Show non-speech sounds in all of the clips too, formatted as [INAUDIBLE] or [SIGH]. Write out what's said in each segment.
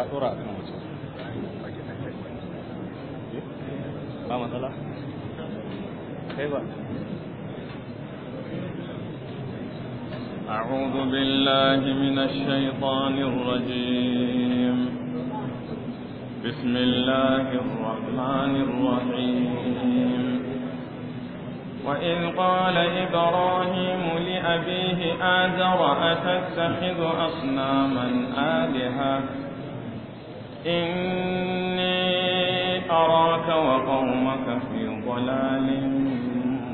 أعوذ بالله من الشيطان الرجيم بسم الله الرحمن الرحيم وإذ قال إبراهيم لأبيه آذر أتتخذ أصناما آلهة إني أراك وقومك في ضلال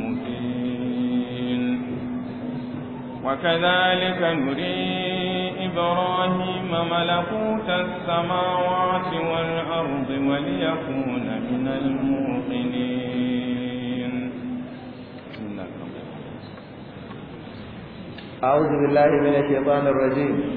مبين وكذلك نري إبراهيم ملكوت السماوات والأرض وليكون من الموقنين أعوذ بالله من الشيطان الرجيم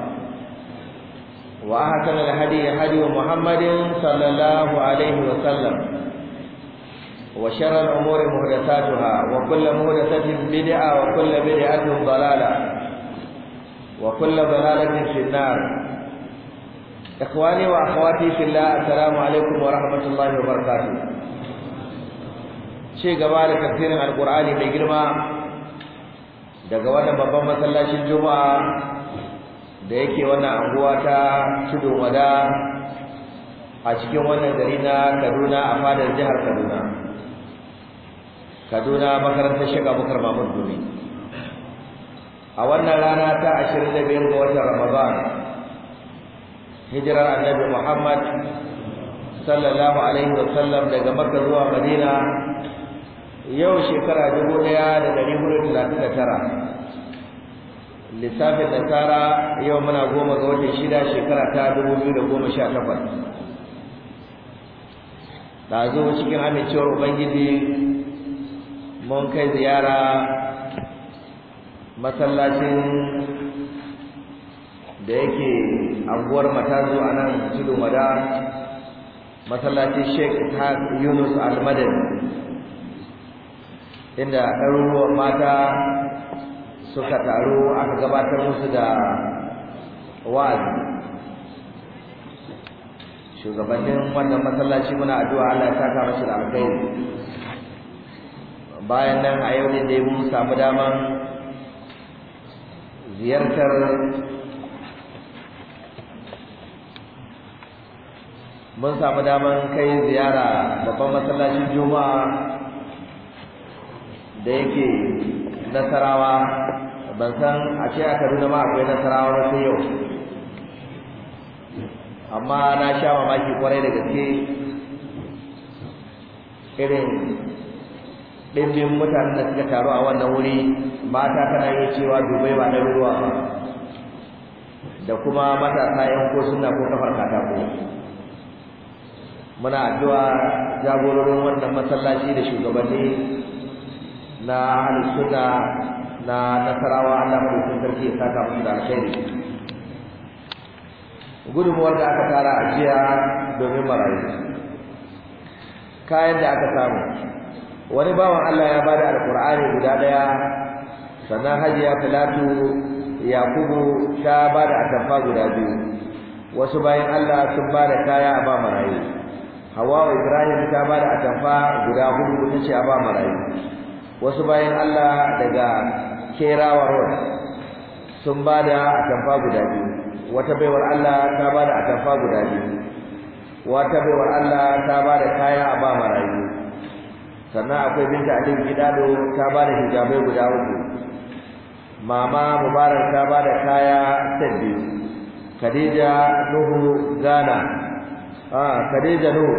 وأحسن الهدي هدي محمد صلى الله عليه وسلم وشر الأمور مهدساتها وكل مهدسة بدعة وكل بدعة ضلالة وكل ضلالة في النار إخواني وأخواتي في الله السلام عليكم ورحمة الله وبركاته شيء قبل تفسير القرآن بجرمة daga wannan babban masallacin Juma'a da yake wannan anguwa ta tudun wada a cikin wannan gari na Kaduna a fadar jihar Kaduna Kaduna makarantar Sheikh Abubakar Mahmud Dumi a wannan rana ta 25 ga watan Ramadan hijirar Annabi Muhammad sallallahu alaihi wa sallam daga Makka zuwa Madina yau shekara 1439 lissafin nasara yau muna goma ga watan shida shekara ta dubu biyu da goma sha takwas da zo cikin amincewar ubangiji mun kai ziyara masallacin da yake anguwar zo a nan tudun mada masallacin sheikh yunus almadani inda ɗaruruwan mata suka taru aka gabatar musu da wa'azi shugabannin wannan masallaci muna addu'a Allah ya saka musu da alkhairi bayan nan a yau ne dai mun samu daman ziyartar mun samu daman kai ziyara babban masallacin juma'a da yake nasarawa ban san a ce a kaduna ma akwai nasarawa na sai yau amma na sha mamaki kwarai da gaske irin ɗimbin mutanen da suka taru a wannan wuri mata tana iya cewa dubai ba ruwa da kuma matasa yan ko suna ko kafar katako muna addu'a jagororin wannan masallaci da shugabanni na halittuna na nasarawa Allah sun sarki ya saka mun da alkhairi gudunmuwar da aka tara a jiya domin marayu kayan da aka samu wani bawan Allah ya bada alkur'ani guda daya sannan hajiya talatu yakubu ta bada atamfa guda biyu wasu bayan Allah sun bada kaya a ba marayu hawa ibrahim ta bada atamfa guda hudu ta ce a ba marayu wasu bayan Allah daga Kerawa ruwan sun ba da atamfa guda biyu wata baiwar Allah ta ba da atamfa guda biyu wata baiwar Allah ta ba da kaya a ba marayu sannan akwai binta Ali Gidado ta ba da hijabai guda uku mama Mubarak ta ba da kaya set biyu Khadija Nuhu Gana a ah, Khadija Nuhu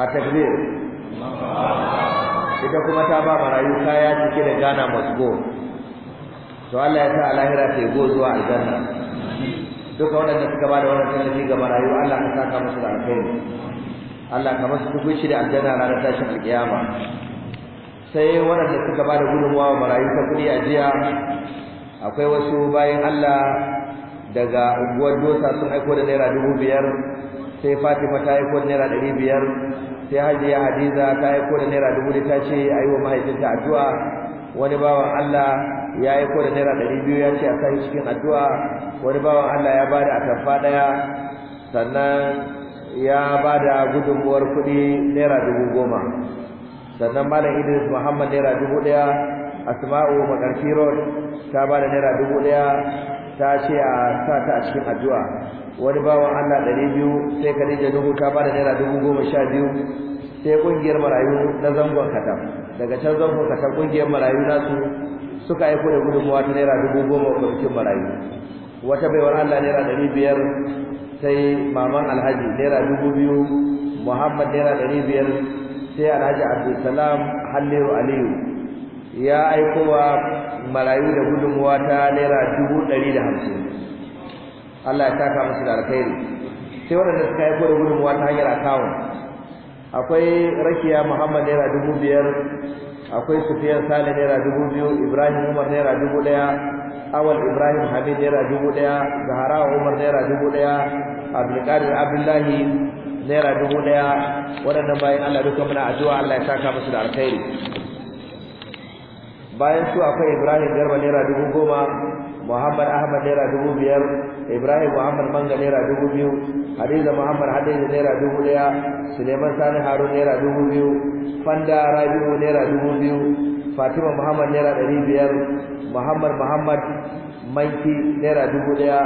a takbir ita kuma ta ba marayu kaya cike da gana masu go to Allah ya sa a lahira ta go zuwa aljanna duka waɗanda suka ba da wannan tallafi ga marayu Allah ka saka musu da alkhairi Allah ka duk shi da aljanna ranar tashin alkiyama sai waɗanda suka ba da gudunmawa marayu ta kuɗi a jiya akwai wasu bayan Allah daga unguwar dosa sun aiko da naira dubu biyar sai fatima ta aiko da naira ɗari biyar sai hajiya hadiza ta yi ko da naira dubu da ta ce a yi wa mahaifinta addu'a wani bawan Allah ya yi ko da naira ɗari biyu ya ce a sa cikin addu'a wani bawan Allah ya a atamfa ɗaya sannan ya ba bada gudunmuwar kuɗi naira dubu goma sannan malam Idris Muhammad naira dubu ɗaya Asma'u Makarfi Road ta da naira dubu ɗaya ta ce a sa ta a cikin addu'a wani bawan Allah ɗari biyu sai Khadija dubu ta bada naira dubu goma sha biyu sai ƙungiyar marayu na zangon katam daga can zangon katam ƙungiyar marayu nasu suka aiko da gudunmawa ta naira dubu goma a marayu wata baiwar Allah naira ɗari biyar sai maman alhaji naira dubu biyu muhammad naira ɗari biyar sai alhaji abdulsalam halliru aliyu ya aiko wa marayu da gudunmawa ta naira dubu ɗari da hamsin Allah ya saka musu da alkhairi sai wanda suka yi da gudunmuwa wata hanyar akawun akwai rakiya muhammad naira dubu biyar akwai sufiyan sale naira dubu biyu ibrahim umar naira dubu ɗaya awal ibrahim hamid naira dubu ɗaya zaharawa umar naira dubu ɗaya abdulkadir abdullahi naira dubu ɗaya waɗannan bayan allah duka muna addu'a allah ya saka musu da alkhairi bayan su akwai Ibrahim Garba naira dubu goma Muhammad Ahmad naira dubu biyar Ibrahim Muhammad Manga naira dubu biyu Hadiza Muhammad Hadiza naira dubu daya Suleiman Sani Harun naira dubu biyu Fanda Rabi'u naira dubu biyu fatima muhammad naira ɗari biyar muhammad muhammad maiki naira dubu ɗaya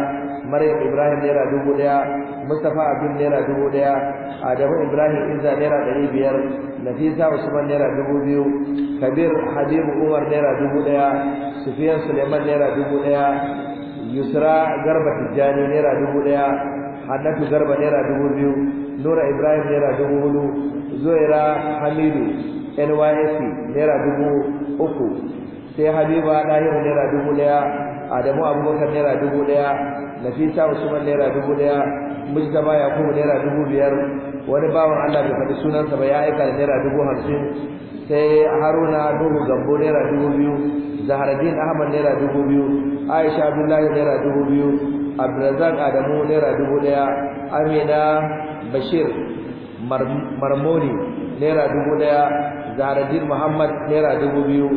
maryam ibrahim naira dubu ɗaya mustapha abdul naira dubu ɗaya adamu ibrahim izza naira ɗari biyar nafisa usman naira dubu biyu kabir habibu umar naira dubu ɗaya sufiyan suleiman naira dubu ɗaya yusra garba tijjani naira dubu ɗaya hannatu garba naira dubu biyu nura ibrahim naira dubu hudu Zuhaira hamidu nysc naira dubu uku sai habiba ɗahiru naira dubu ɗaya adamu abubakar naira dubu ɗaya nafisa usman naira dubu ɗaya mujtaba yakubu naira dubu biyar wani bawan allah bai faɗi sunansa ba ya aika da naira dubu hamsin sai haruna nuhu gambo naira dubu biyu zaharadin ahmad naira dubu biyu aisha abdullahi naira dubu biyu abdulrazak adamu naira dubu ɗaya amina bashir marmoni naira dubu daya zaradin muhammad naira dubu biyu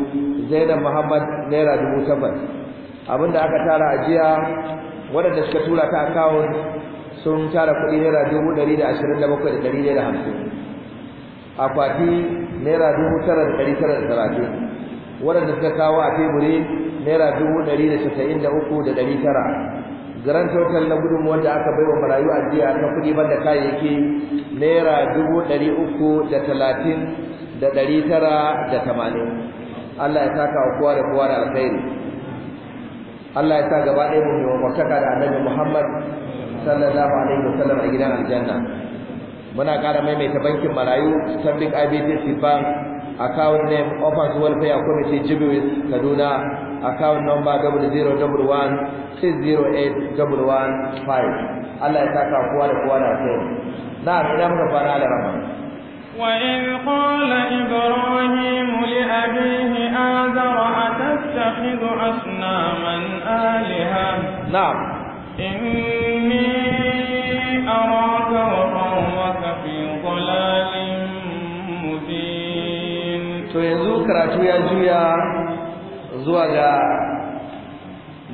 zainab muhammad naira dubu takwas abinda aka tara ajiya waɗanda suka tura ta akawun sun tara kuɗi naira dubu ɗari da ashirin da bakwai da ɗari da hamsin akwati naira dubu tara da ɗari tara da talatin waɗanda suka kawo a teburi naira dubu ɗari da casa'in da uku da ɗari tara grand total na gudun wanda aka baiwa marayu a jiya na kudi banda kayayyaki naira dubu ɗari uku da talatin da ɗari tara da tamanin Allah ya saka wa kowa da kowa da alkhairi Allah ya sa gaba ɗaya mu yi wakwataka da annabi Muhammad sallallahu alaihi wasallam a gidan aljanna muna ƙara maimaita bankin marayu Stanbic IBTC Bank account name offers welfare committee jibuis kaduna account number 0011608115 Allah ya saka kowa da kowa da kai na ina muka fara da rama wa in qala ibrahim li abihi azara atattakhidhu asnaman alaha na'am inni araka wa qawmaka fi dhalalin to yanzu karatu ya juya zuwa ga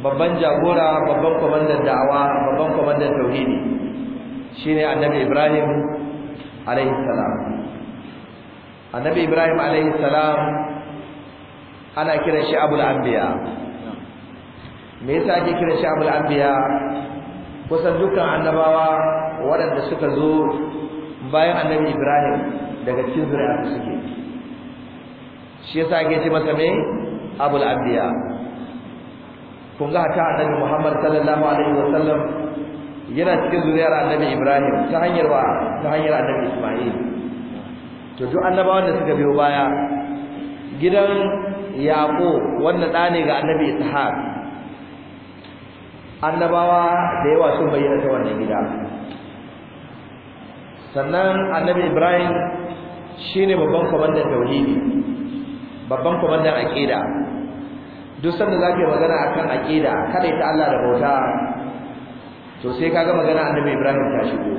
babban jagora babban komandan da'awa babban komandan tauhidi shine annabi ibrahim alaihi salam annabi ibrahim alaihi salam ana kiran shi abul anbiya me yasa ake kiran shi abul anbiya kusan dukkan annabawa waɗanda suka zo bayan annabi ibrahim daga cikin zuri'a suke shi yasa ake ce masa me abul anbiya kun ga ta annabi Muhammad sallallahu alaihi wa sallam, yana cikin zuriyar annabi Ibrahim ta hanyar wa ta hanyar annabi Isma'il to duk annabawan da suka biyo baya gidan yaqo wannan da ne ga annabi Ishaq annabawa da yawa sun bayyana ta wannan gida sannan annabi Ibrahim shine babban kwamandan tauhidi babban kwamandan aqida duk sanda zake magana akan aqida kada ita Allah da bauta to sai kaga magana annabi Ibrahim ta shigo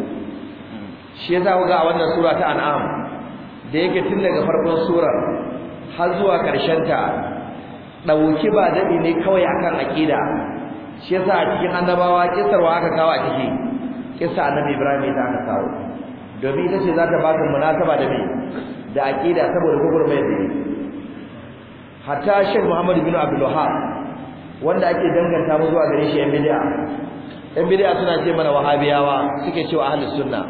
shi yasa kuga a wannan sura ta an'am da yake tun daga farkon surar har zuwa karshen ta dauki ba dadi ne kawai akan aqida shi yasa a cikin annabawa kisarwa aka kawo a ciki kisa annabi Ibrahim ta aka kawo domin ita ce za ta baka munasaba da me da aqida saboda gugurmai da hatta Sheikh Muhammad bin Abdul Wahhab wanda ake danganta mu zuwa gare shi yan bid'a yan bid'a suna ce mana wahabiyawa suke cewa ahlus sunna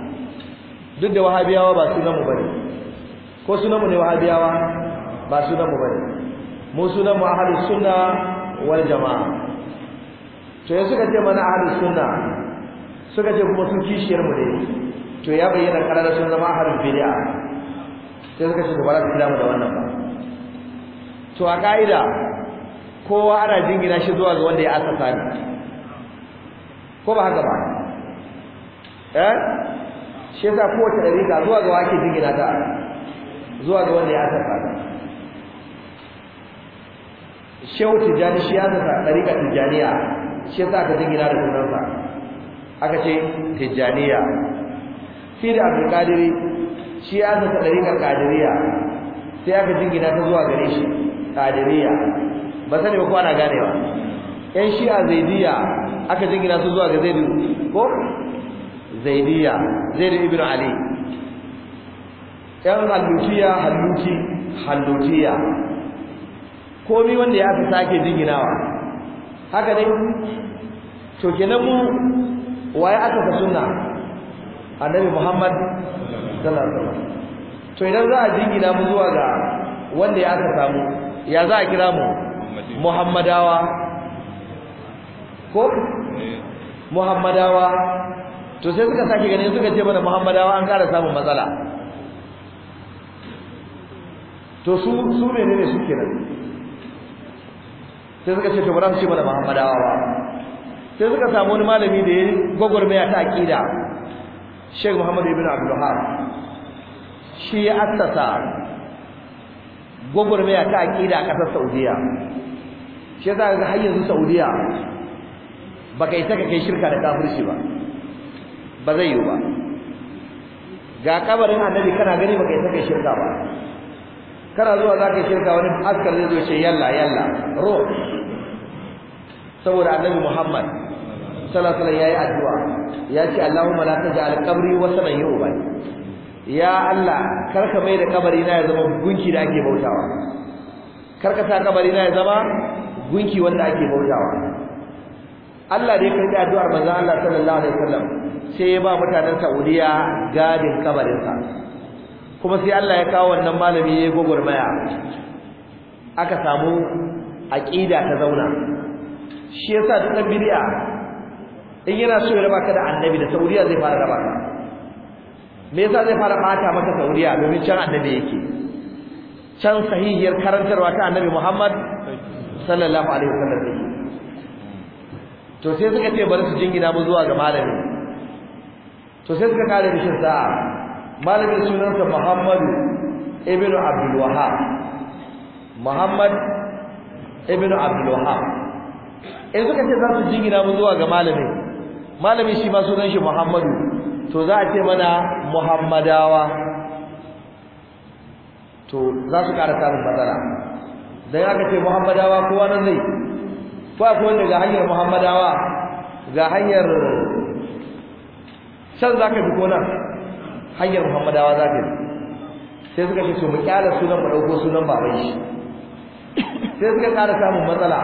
duk da wahabiyawa ba sunan mu bane ko sunan mu ne wahabiyawa ba sunan mu bane mu sunan mu ahlus sunna wal jamaa to yanzu suka ce mana ahlus sunna suka ce kuma sun kishiyar mu ne to ya bayyana karara sun zama ahlul bid'a sai suka ce ba za su kira mu da wannan ba to a ka'ida kowa ana jingina shi zuwa ga wanda ya asasa ne ko ba haka ba eh shi yasa kowace ɗariƙa zuwa ga wake jingina ta zuwa ga wanda ya asasa ne shehu tijjani shi ya asasa ɗariƙa tijjaniya shi yasa aka jingina da sunansa aka ce tijjaniya fi da abdulkadiri shi ya zata ɗariƙar kadiriya sai aka jingina ta zuwa gare shi qadiriyya ba sani ba ko ana ganewa yan shi'a zaidiyya aka jingina su zuwa ga zaidi ko zaidiyya zaidi ibn ali yan hallutiyya halluti Ko komai wanda ya fi sake jinginawa haka dai. to kenan mu waye aka fa sunna annabi muhammad sallallahu alaihi wasallam to idan za a jingina mu zuwa ga wanda ya aka samu ya za a kira mu muhammadawa ko muhammadawa to sai suka sake ganin suka ce mana muhammadawa an kara samun matsala to su su menene su kenan sai suka ce to bara su ce mana muhammadawa ba sai suka samu wani malami da ya gwagwarmaya ta aqida Sheikh Muhammad ibn Abdul shi ya assasa gwagwarmaya ta aƙida a ƙasar saudiya shi yasa ga har yanzu saudiya ba kai saka kai shirka da kafirci ba ba zai yi ba ga kabarin annabi kana gani ba kai saka shirka ba kana zuwa za ka shirka wani askar zai zo ce yalla yalla ro saboda annabi muhammad sallallahu alaihi wasallam yayi addu'a ya ce allahumma la taj'al qabri wa sanan yu'bad ya Allah karka mai da kabari na ya zama gunki da ake bautawa karka sa kabari na ya zama gunki wanda ake bautawa Allah dai karka addu'ar manzo Allah sallallahu alaihi wasallam sai ya ba mutanen Saudiya gadin kabarin sa kuma sai Allah ya kawo wannan malami ya gogurmaya aka samu aqida ta zauna shi yasa duk bid'a in yana so ya raba ka da annabi da Saudiya zai fara raba ka me yasa zai fara bata maka sauriya domin can annabi yake can sahihiyar karantarwa ta annabi Muhammad sallallahu alaihi wasallam yake to sai suka ce bari su jingina mu zuwa ga malami to sai suka kare bishin sa'a malamin sunansa Muhammadu ibn Abdul Wahhab Muhammad ibn Abdul Wahhab in eh, suka ce za su jingina mu zuwa ga malami malami shi ma sunan shi Muhammadu to za a ce mana muhammadawa to za su ƙara samun matsala don aka ce muhammadawa kowa nan zai fa kuma da ga hanyar muhammadawa ga hanyar can za ka fi ko nan hanyar muhammadawa za ka yi sai suka ce su mu kyala sunan mu ɗauko sunan baban shi sai suka ƙara samun matsala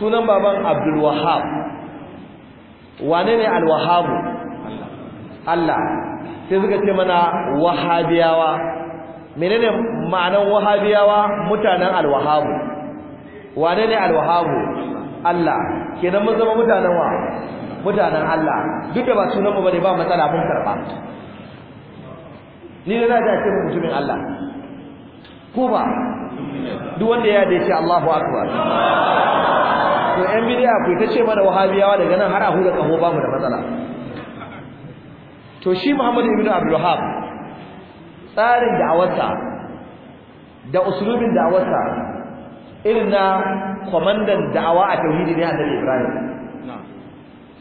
sunan baban abdul wane ne alwahabu Allah sai suka ce mana wahabiyawa menene ma'anan wahabiyawa mutanen alwahabu wane ne alwahabu Allah kenan mun zama mutanen wa mutanen Allah duk da ba sunan mu bane ba matsala mun karba ni da na ce mutumin Allah ko ba duk wanda ya dace Allahu akbar to yan ku ta ce mana wahabiyawa daga nan har a huda kaho ba mu da matsala to shi Muhammad ibn abdulwahab tsarin da'awarsa da usulubin da'awarsa irin na kwamandan da'awa a tauhidi ne annabi Ibrahim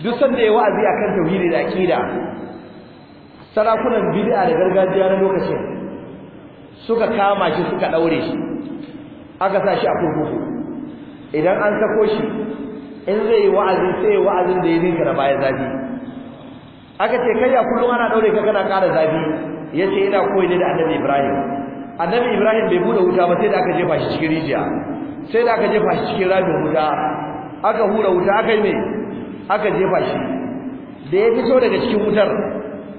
duk sanda ya wa'azi kan tauhidi da aqida sarakunan bid'a da gargajiya na lokacin suka kama shi suka ɗaure shi aka sa shi a kurkuku idan an sako shi in zai yi wa'azi sai wa'azin da ya dinka na baya zafi aka ce kai a kullum ana daure ka kana ƙara zafi yace ina koyi ne da annabi Ibrahim annabi Ibrahim bai bude wuta ba sai da aka jefa shi cikin rijiya sai da aka jefa shi cikin rabin wuta aka hura wuta aka yi me aka jefa shi da ya fito daga cikin wutar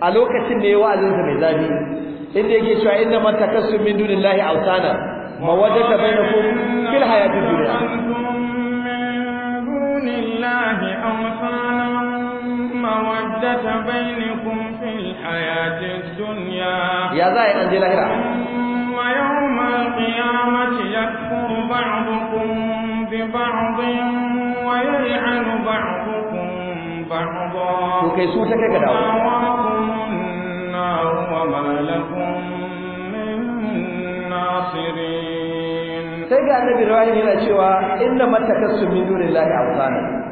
a lokacin da ya azinsa mai zafi inda yake cewa inna man takassum min dunillahi awsana mawaddata bainakum fil hayatid dunya dunillahi awsana مودة بينكم في الحياة الدنيا يا زاي أنجي لهرا ويوم القيامة يكفر بعضكم ببعض ويلعن بعضكم بعضا وكي سوتك كده النار وما لكم من ناصرين sai ga annabi rawaya yana cewa inna matakassu min dunillahi awsana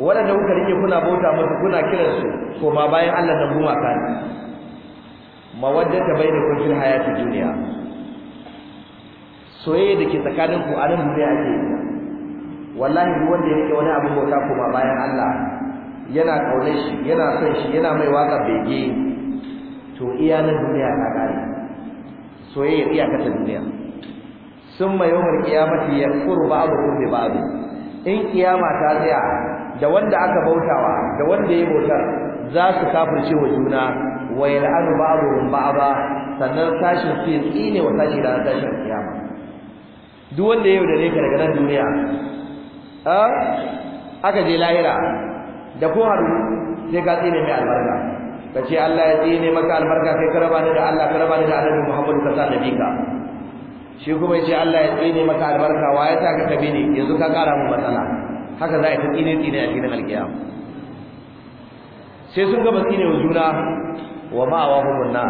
waɗanda kuka rike kuna bauta musu kuna kiransu ko ma bayan Allah guma ka ne mawaddata bainakum fil hayati dunya soyayya da ke tsakanin ku a nan duniya ce yi wallahi duk wanda ya wani abu bauta ko ma bayan Allah yana kaunar shi yana son shi yana mai waka bege to iya nan duniya ta kare soyayya iya kasa duniya summa yawmal qiyamati yakfuru ba'dukum bi ba'd in kiyama ta tsaya da wanda aka bautawa da wanda ya bauta za su kafirce wa juna wa yal'anu ba'dhum ba'dha sannan sashin su tsine wa tashi da tashin kiyama duk wanda yau da ne ka daga nan duniya a aka je lahira da ko haɗu sai ka tsine mai albarka ka ce Allah ya tsine maka albarka kai karaba ne da Allah karaba ne da Annabi Muhammad ka sa nabi ka shi kuma ya ce Allah ya tsine maka albarka wa ya sa ka kabi ne yanzu ka kara mu matsala haka za a yi ta tsine tsine a filin alkiyama sai sun gaba tsine wa juna wa ma'awa hukun na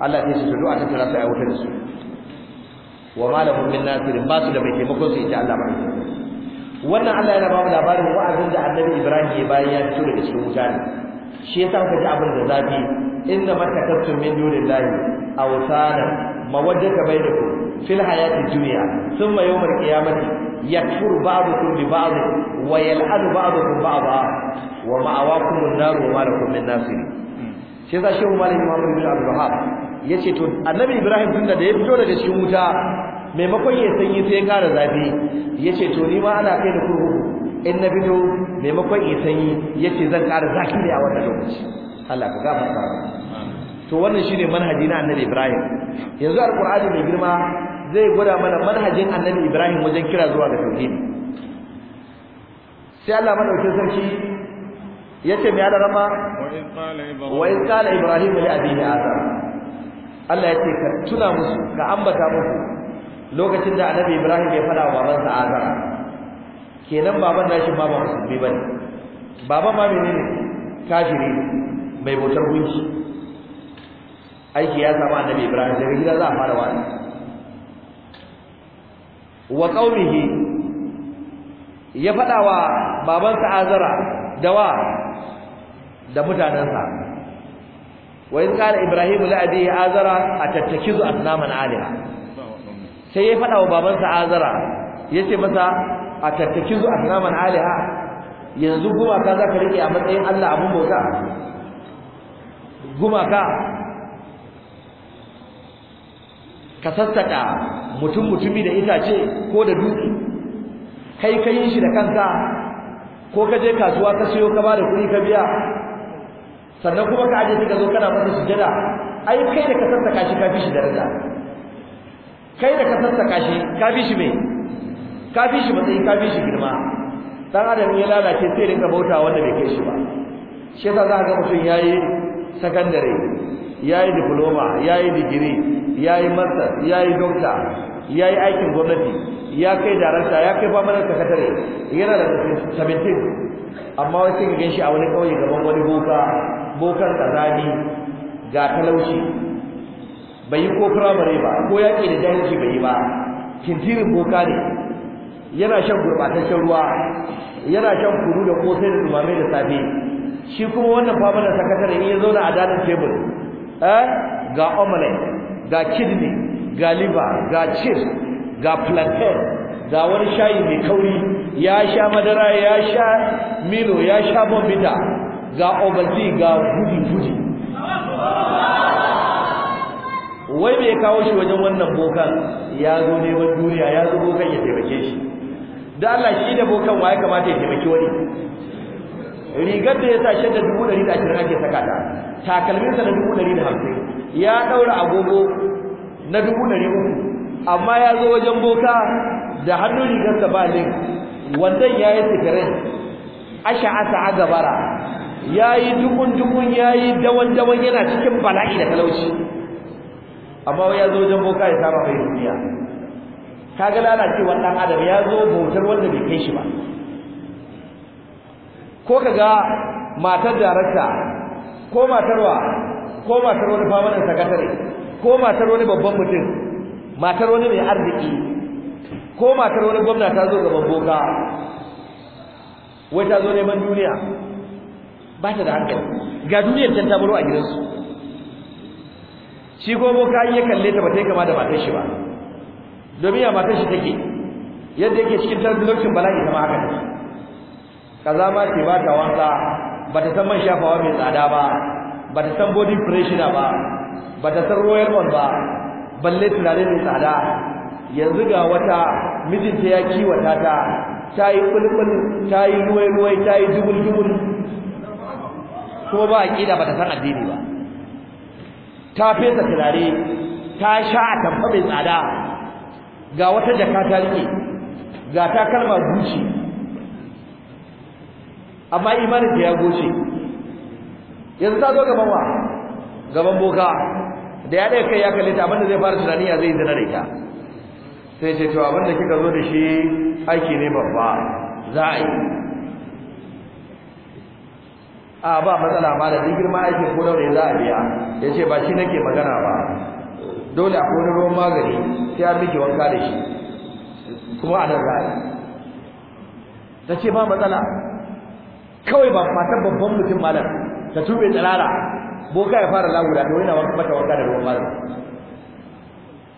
Allah ya ce su a ta kira su a wuta da su wa ma lahum min nasirin ba su da mai taimakon su ita Allah ba wannan Allah yana ba mu labarin wa'azin da Annabi Ibrahim ya bayan ya fito daga cikin wuta ne shi yasa kuka ji abin da zafi inna matakattum min dunillahi awsana mawaddata bainakum fil hayati dunya thumma yawmal qiyamati yakfur ba'dukum bi ba'd wa yal'anu ba'dukum ba'dha wa ma'awakum an-nar wa ma lakum min nasir sai za shehu malik muhammad bin abdul wahab yace to annabi ibrahim tun da ya fito daga cikin wuta maimakon ya sanyi sai ya kara zafi yace to ni ma ana kai da kurkuku in na fito maimakon ya sanyi yace zan kara zafi ne a wannan lokaci Allah ka gafarta to wannan shine manhaji na annabi ibrahim yanzu alqur'ani mai girma zai gwada mana manhajin annabi Ibrahim wajen kira zuwa ga tauhidi sai Allah madaukakin sarki yace mai da rama wa in qala Ibrahim li abihi Azar Allah yace ka tuna musu ka ambata musu lokacin da annabi Ibrahim ya fada wa babansa Azar kenan baban nashi ma ba musulmi bane baba ma menene kafiri mai bautar gunki aiki ya samu annabi Ibrahim daga gida za a fara wani wa qaumihi ya fada wa babansa azara da wa da sa wa in kana ibrahim li abihi azara atattakizu asnaman alaha sai ya fada wa babansa azara yace masa atattakizu asnaman alaha yanzu ka zaka rike a matsayin Allah abun bauta gumaka ka sassaka mutum mutumi da itace ko da dutse kai ka shi da kanka ko ka je kasuwa ka siyo ka bada kuɗi ka biya sannan kuma ka aje ka zo kana masa sujada ai kai da ka sassaka shi ka fi shi daraja kai da ka sassaka shi ka fi shi mai. ka fi shi matsayi ka fi shi girma dan adam ya lalace sai rinka bauta wanda bai kai shi ba shi yasa za ka ga mutum yayi sakandare yayi diploma yayi digiri yayi master yayi doctor yayi aikin gwamnati ya kai darasta ya kai famanar sakatare yana da 17 amma wai sai ganshi a wani kauye gaban wani boka bokan kazani ga talauci bai yi ko primary ba ko yaƙi da jahilci bai yi ba kintirin boka ne yana shan gurbataccen ruwa yana shan kuru da kosai da dumame da safe shi kuma wannan famar sakatare in ya zauna a dalin tebur Eh? ga omelet ga kidney ga liver ga cheese ga plantain ga wani shayi mai kauri ya sha madara ya sha milo ya sha bombita ga obati ga gudi gudi wai me kawo shi wajen wannan bokan ya zo neman duniya ya zo bokan ya taimake shi da Allah shi da bokan wa ya kamata ya taimaki wani rigar da ya sa da dubu ɗari da ashirin ake saka ta takalminsa da dubu ɗari da hamsin ya ɗaura agogo na dubu ɗari uku amma ya zo wajen boka da hannun rigarsa ba link wannan ya yi sigarin asha asa a gabara ya yi dukun-dukun ya yi dawan-dawan yana cikin bala'i da talauci amma ya zo wajen boka ya saba mai duniya kaga lalacewar ɗan adam ya zo bautar wanda bai kai shi ba ko kaga matar darakta ko matarwa ko matar wani famanin sakatare ko matar wani babban mutum matar wani mai arziki ko matar wani gwamna ta zo gaban boka wai ta zo neman duniya ba ta da hankali ga duniyar can ta baro a gidansu shi ko boka ya kalle ta ba ta yi kama da matar shi ba domin ya matar shi take yadda yake cikin talbulocin bala'i kama haka ne kaza ma ce ba ta wanka ba ta san man shafawa mai tsada ba ba ta san body pressure ba ba ta san royal one ba balle tunare mai tsada yanzu ga wata mijinta ya kiwata ta ta yi kulkul ta yi ruwai-ruwai ta yi jubul dubul kuma ba a ƙida ba ta san addini ba ta fesa turare ta sha a tamfa mai tsada ga wata jaka ta riƙe ga takalma zuciya amma imanin ta ya goce yanzu ta zo gaban wa gaban boka da ya ɗaya kai ya kalli ta abinda zai fara tunani ya zai zina da ita sai ce to abinda kika zo da shi aiki ne babba za a yi a ba matsala ba da girma aikin ko daure za a biya ya ce ba shi nake magana ba dole a kone ruwan magani sai a miki wanka da shi kuma a nan za a yi ta ce ba matsala kawai ba fatan babban mutum malam ta tube tsirara boka ya fara da to yana wata mata wanka da ruwan malam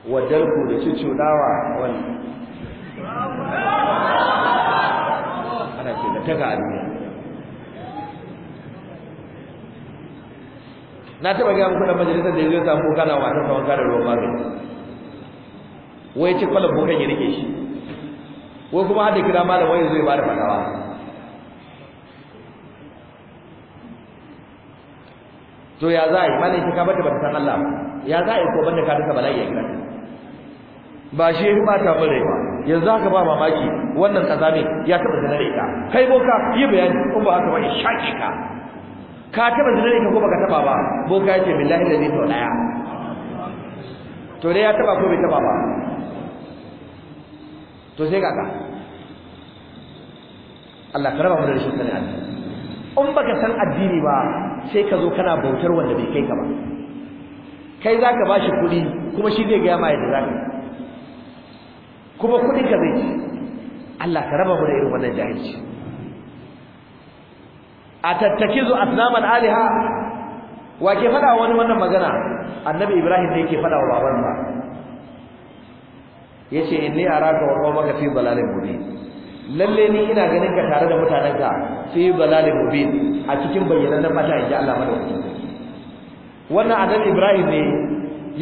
wajen ku da dawa wani. ana ce da taga a na taba gaya muku dan majalisar da yazo samu kana wata ta wanka da ruwan malam. wai ci kwalab bokan ya rike shi wai kuma hada kira malam wai zai bada fatawa to ya za a yi malai ta ka ba bata san Allah ya za a yi ko banda ka duka bala'i ya gida ba shi ba ta mu ba yanzu haka ba mamaki wannan kaza ne ya taba zina da ita kai boka yi bayani ko ba haka ba in shaki ka ka taba zina da ita ko baka taba ba boka yace billahi da zai to daya to dai ya taba ko bai taba ba to sai kaka Allah karaba mu da shi sanin addini in baka san addini ba sai ka zo kana bautar wanda bai kai ka ba kai zaka shi kuɗi kuma shi zai gaya ma yadda zaka kuma kuɗi ka zai ci Allah ka raba mu da irin wannan jahilci a tattakizu asnaman aliha wa ke faɗa wani wannan magana annabi ibrahim ne yake faɗa wa babansa yace inni araka wa qawmaka fi dalalin mubin lalle ni ina ganin ka tare da mutanenka fi balal mubin a cikin bayyana da fata yake Allah madaukakin wannan adam Ibrahim ne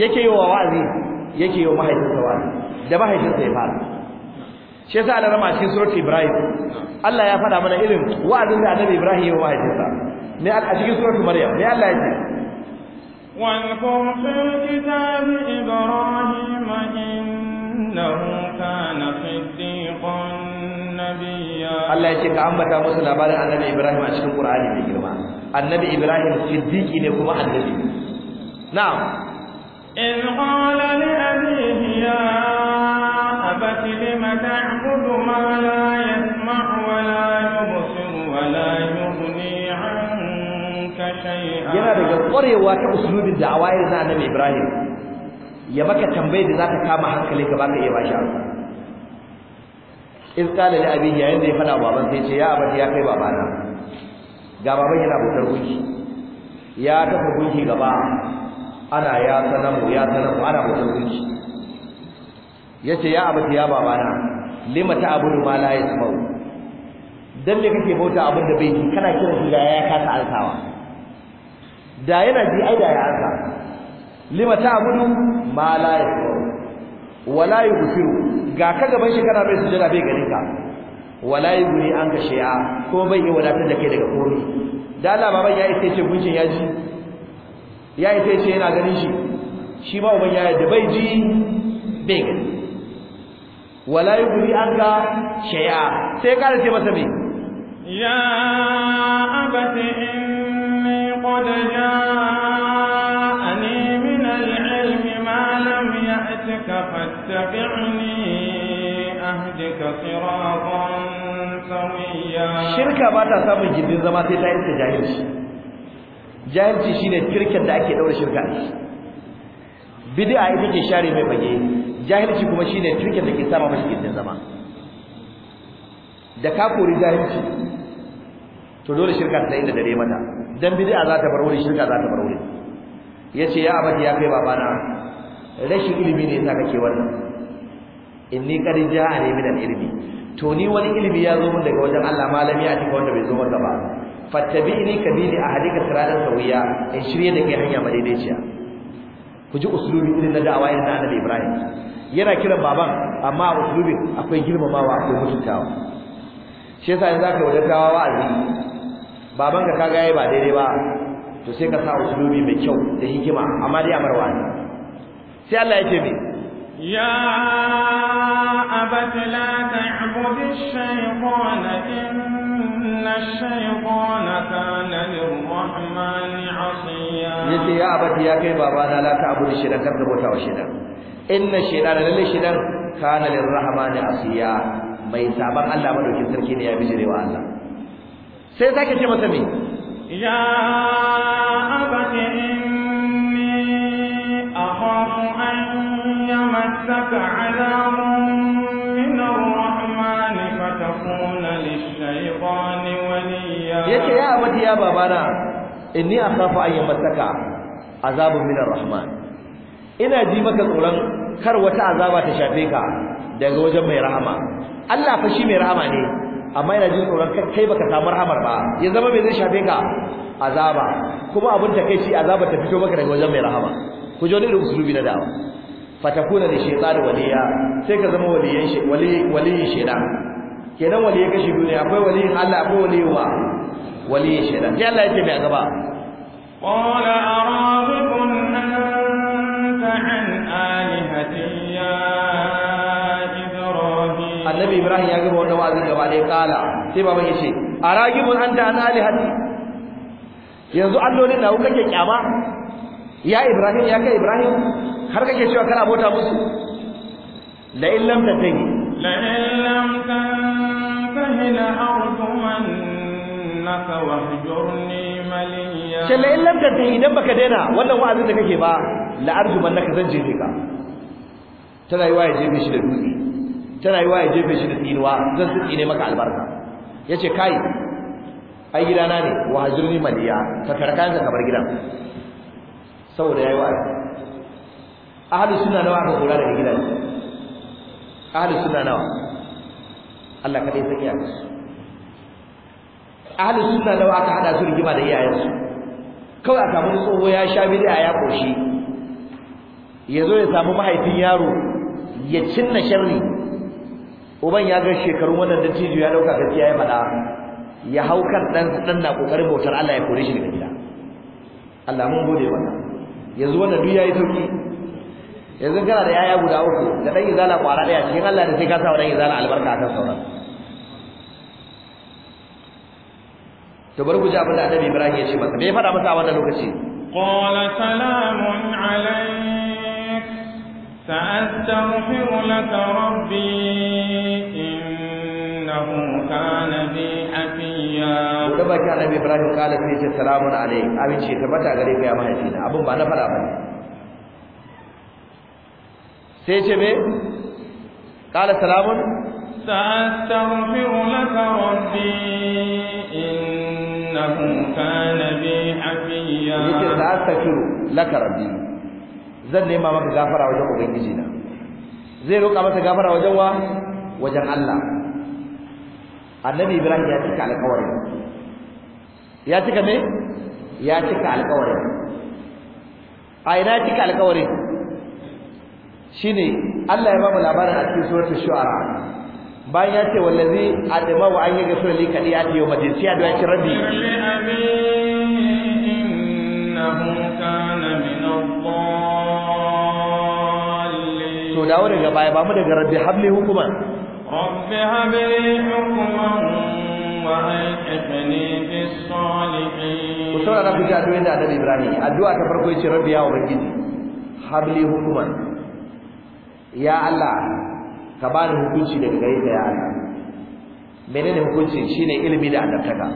yake yi wa wa'azi yake yi wa mahaifinsa wa'azi da mahaifinsa ya fara shi yasa Allah rama cikin surat Ibrahim Allah ya faɗa mana ilim wa'azin da adam Ibrahim ya wa mahaifinsa ne a cikin surat Maryam ne Allah ya ce واذكر في الكتاب إبراهيم إنه كان Allah ya ce ka ambata musu labarin annabi Ibrahim a cikin Qur'ani mai girma annabi Ibrahim siddiqi ne kuma annabi na'am in qala li abihi ya abati lima ta'budu ma la yasma'u wa la yubsiru wa la yughni 'anka shay'an yana daga ƙwarewa ta usulubin da'awa da annabi Ibrahim ya maka tambayar da zaka kama hankali ka baka iya bashi amsa iz kala li abihi yayin da ya fada baban sai ce ya abati ya kai babana ga baban yana bautar gunki ya tafi gunki gaba ana ya sanamu ya sanamu ana bautar gunki yace ya abati ya babana lima ta'budu ma la yasma'u dan me kake bauta abin da bai yi kana kiran shi ga ya kasa alkawa da yana ji ai da ya alka lima abudu ma la yasma'u wala yughfiru ga ka gaban shi kana mai sujada bai ganin ka wala yughni an ka shay'a ko bai yi wadatar da kai daga komai da Allah baban ya isa ce gunjin ya ji ya isa ce yana ganin shi shi ba uban ya yadda bai ji bai gani wala yughni an ka shay'a sai ka ce masa me ya abati inni qad ja'ani min al-ilmi ma lam ya'tika fa فاتبعني أهدك صراطا سويا شركة باتا سامن جدين زما سي تا iska jahilci jahilci shine kirkin da ake daura shirka bid'a ita ke share mai fage jahilci kuma shine kirkin da ke sama da ka kori jahilci to dole shirka ta inda dare mata dan bid'a za ta bar wuri shirka za ta bar wuri yace ya abadi ya kai babana rashin ilimi ne yasa kake wannan inni qad ja'ani min al-ilmi to ni wani ilimi ya zo mun daga wajen Allah malami a cikin wanda bai zo maka ba fattabi'ni kabili ahadika siratan sawiya in shirye da kai hanya madaidaiciya ku ji usulubi irin na da'awa irin na Annabi Ibrahim yana kiran baban amma a akwai girmamawa akwai mutuntawa shi yasa yanzu zaka wajen wa azumi baban ka kaga yayi ba daidai ba to sai ka sa usulubi mai kyau da hikima amma dai amarwa ne sai Allah ya ce ya abati la ta'budu ash-shaytana inna ash-shaytana kana lir-rahmani 'asiya yace ya abati ya kai babana la ta'budu shaytan kar da bauta wa shaytan inna shaytana lalle shaytan kana lir-rahmani 'asiya mai saban Allah madaukin sarki ne ya bijirewa Allah sai zaka ce masa me ya abati مسك عذاب من الرحمن فتكون للشيطان وليا يك يا أبتي يا بابانا اني اخاف ان يمسك عذاب من الرحمن ina ji مك tsoron kar wata عذاب ta daga wajen mai rahama Allah fa shi mai rahama ne amma ina jin tsoron kai baka samu rahamar ba ya zama mai zai shafe ka azaba kuma abin takeici azaba ta fito maka daga wajen mai rahama ku jo ne da usulubi na dawa fatakuna li shaytan waliya sai ka zama waliyin shi wali waliyin shaytan kenan waliyin kashi duniya akwai waliyin Allah akwai waliyin wa waliyin shaytan sai Allah ya ce mai gaba qala aradukun anta an alihati ya ibrahim annabi ibrahim ya gaba wannan wa'azi gaba dai kala sai baban yace aragibun anta an alihati yanzu allolin da kuka kyama ya ibrahim ya kai ibrahim har kake cewa kana bota musu la in lam tatahi la in lam tantahi la wahjurni maliya ce la in lam tatahi idan baka daina wannan wa'azin da kake ba la arjuman naka zan jefe ka ta rayuwa ya jefe shi da dutse ta rayuwa ya jefe shi da tsinuwa zan su tsine maka albarka yace kai ai gidana ne wahjurni maliya ka karkanta ka bar gidan saboda yayi wa'azi ahlus sunna nawa aka kula da gidan ahlus sunna nawa Allah kadai san iyayensu ahlus sunna nawa aka hada su rigima da iyayensu kawai a mun tsoho ya sha bid'a ya koshi yazo ya samu mahaifin yaro ya cinna sharri uban ya ga shekarun wannan dattijo ya dauka gaskiya ya faɗa ya hau dan dan na kokarin bautar Allah ya kore shi daga gida Allah mun gode maka yanzu wannan duk yayi sauki yanzu kana da yaya guda uku da dan izala kwara daya cikin Allah da sai ka sa dan izala albarka akan sauran to bari ku ji abin da Annabi Ibrahim ya ce masa me ya faɗa masa a wannan lokaci qala salamun alayk sa'astaghfiru laka rabbi innahu kana bi afiya da baki Annabi Ibrahim kala sai ya ce salamun alayk abin ce tabbata gare ka ya mahaifina abin ba na faɗa bane sai ce me kala salamun sa'astaghfiru laka rabbi innahu kana bi hafiya yake sa'astaghfiru laka rabbi zan nema maka gafara wajen zai masa gafara wajen wa wajen Allah annabi ibrahim ya cika alƙawarin ya cika me ya cika alƙawarin a ina cika alƙawarin shine Allah ya bamu labarin a cikin suratul shu'ara bayan ya ce wallazi adama wa an yaga sura li kadi ati yawma din sai addu'a ki rabbi to dawo daga baya ba mu daga rabbi habli hukuman rabbi habli hukuman ku saurara ku ji addu'o'in da Annabi Ibrahim addu'a ta farko ce rabbi ya ubangiji habli hukuman ya Allah ka ba ni hukunci daga gare ka ya Allah menene hukunci shine ilimi da annabtaka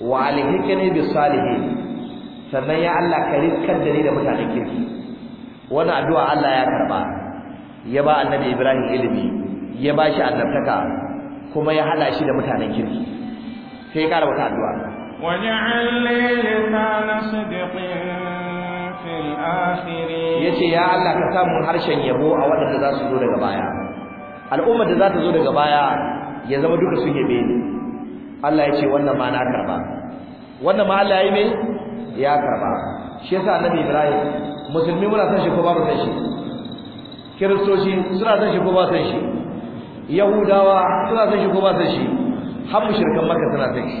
wa alhikni bi salihin sannan ya Allah ka rikkar da ni da mutanen kirki wannan addu'a Allah ya karba ya ba annabi Ibrahim ilimi ya ba shi annabtaka kuma ya hada shi da mutanen kirki sai ya kara wata addu'a waj'al li lisana sidqin Ya ce ya Allah ka samu harshen yabo a wadanda za su zo daga baya al'ummar da za ta zo daga baya ya zama duka su yabe ni Allah ya ce wannan ma na karba wannan ma Allah yi me ya karba shi yasa annabi Ibrahim musulmi muna san shi ko ba mu san shi kiristoci suna san shi ko ba san shi yahudawa suna san shi ko ba san shi har mushrikan makka suna san shi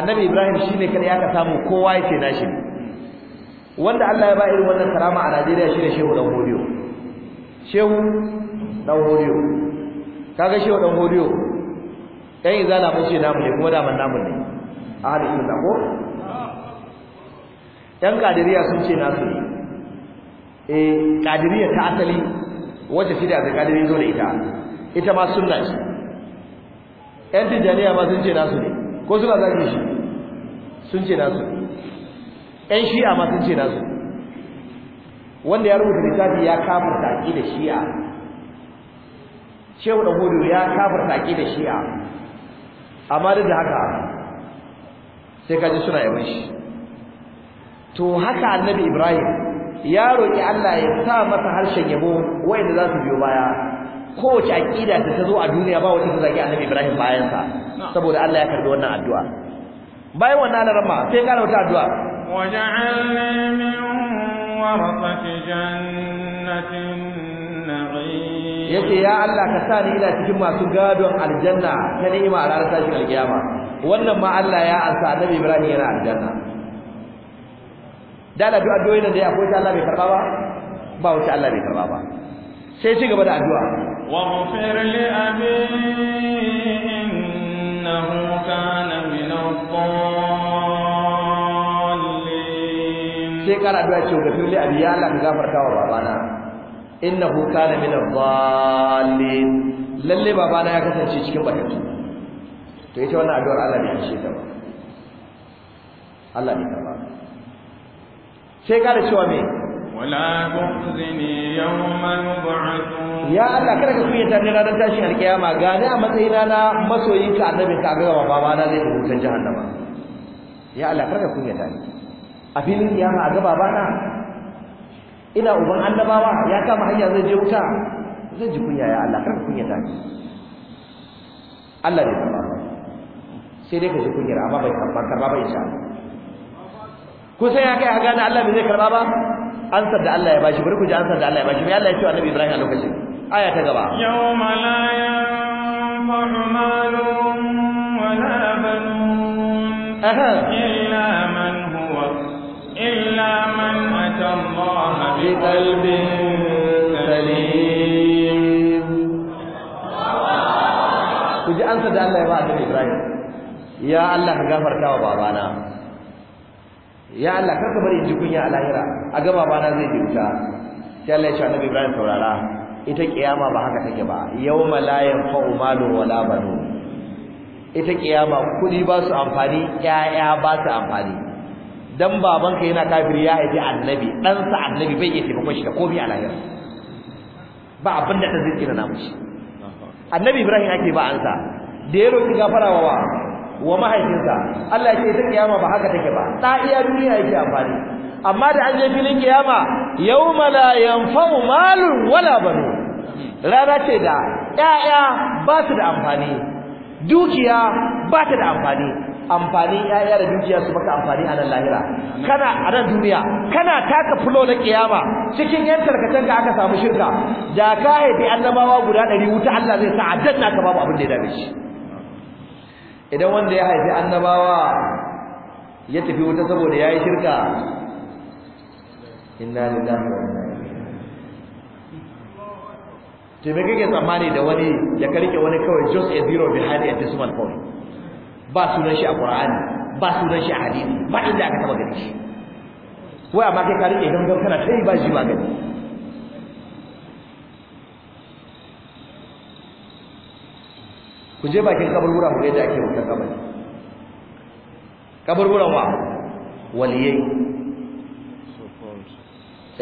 annabi Ibrahim shine kada ya ka samu kowa yake nashi ne wanda Allah ya ba irin wannan karama a Najeriya shine Shehu Dan horiyo? Shehu Dan Horiyo kaga Shehu Dan horiyo? kai izala mu ce namu ne kuma da man namu ne a hadisin da ko dan kadiriya sun ce nasu ne eh kadiriya ta asali wacce shi da kadiri zo da ita ita ma sunna ce ɗan tijaniya ma sun ce nasu ne ko suna zaki shi sun ce nasu ne yan shi'a ma sun ce nasu wanda ya rubuta littafi ya kafirta aƙida shi'a shehu da hudu ya kafirta aƙida shi'a amma duk da haka sai kaji suna yaban shi to haka annabi ibrahim ya roki Allah ya sa masa harshen yabo wanda za su biyo baya kowace aƙida da ta zo a duniya ba wata zaki annabi ibrahim bayansa. saboda Allah ya karbi wannan addu'a bayan wannan alarama sai ka wata addu'a وجعلني من ورثة جنة النعيم yace ya Allah ka sa ni ina cikin masu gadon aljanna ta ni'ima a ranar tashin alkiyama wannan ma Allah ya ansa annabi Ibrahim yana aljanna da la du'a doyin da akwai ta Allah bai karba ba ba wata Allah bai karba ba sai ci gaba da addu'a waghfir li abi innahu kana min adh kana addu'a ce ga fili abi ya Allah ka gafarta wa babana innahu kana min adh-dhalin lalle babana ya kasance cikin batattu to ita wannan addu'ar Allah ne ce ta Allah ne ta sai ka da cewa me wala tukhzini yawma yub'athun ya Allah kada ka kuye tare da ranar tashin alkiyama ga ne a matsayina na masoyinka annabi ka ga babana zai tafi wutar jahannama ya Allah kada ka kuye tare a filin kiyama a gaba bana ina uban annabawa ya kama hanya zai je wuta zai ji kunya ya Allah kar kunya ta ji Allah ne ba, sai dai ka ji kunyar amma bai karba karba bai sha ku sai ya kai a gane Allah bai zai karba ba ansar da Allah ya bashi bari ku ji ansar da Allah ya bashi me Allah ya ce annabi Ibrahim a lokacin aya ta gaba yawma la yanfa'u malun wala banun illa man إلا من أتى الله بقلب سليم تجي ansa da الله ya ba يا Ibrahim ya Allah ka gafarta babana ya Allah kar ka bari in ji kunya a ga babana zai ji wuta ya ce Annabi Ibrahim ita kiyama ba haka take ba yawma la yanfa'u malu wala banun ita kiyama kudi ba su amfani ƴaƴa ba su amfani dan babanka yana kafiri ya haifi annabi ɗansa annabi bai iya taimakon shi da komai a lahira ba abin da ta zai na mushi annabi ibrahim ake ba ansa da ya roki gafara wa wa mahaifinsa Allah ya ce ta kiyama ba haka take ba ta iya duniya yake amfani amma da an je filin kiyama yawma la yanfa'u malun wala banu rana ce da ƴaƴa ba su da amfani dukiya ba ta da amfani amfani yaya da dukiya su maka amfani a nan lahira kana a nan duniya kana taka fulo na kiyama cikin yan tarkacen aka samu shirka da ka haifi annabawa guda ɗari wuta Allah zai sa a danna ka babu abin da ya dame shi idan wanda ya haifi annabawa ya tafi wuta saboda yayi shirka inna lillahi wa inna ilaihi to me kake tsammani da wani ya karke wani kawai just a zero behind a decimal point ba sunan shi a Qur'ani ba sunan shi a hadisi ba inda aka taba gani shi waya amma kai ka rike gangan kana kai ba shi magani ku je bakin kaburbura ku yadda ake wutar kabari kaburburan wa waliyai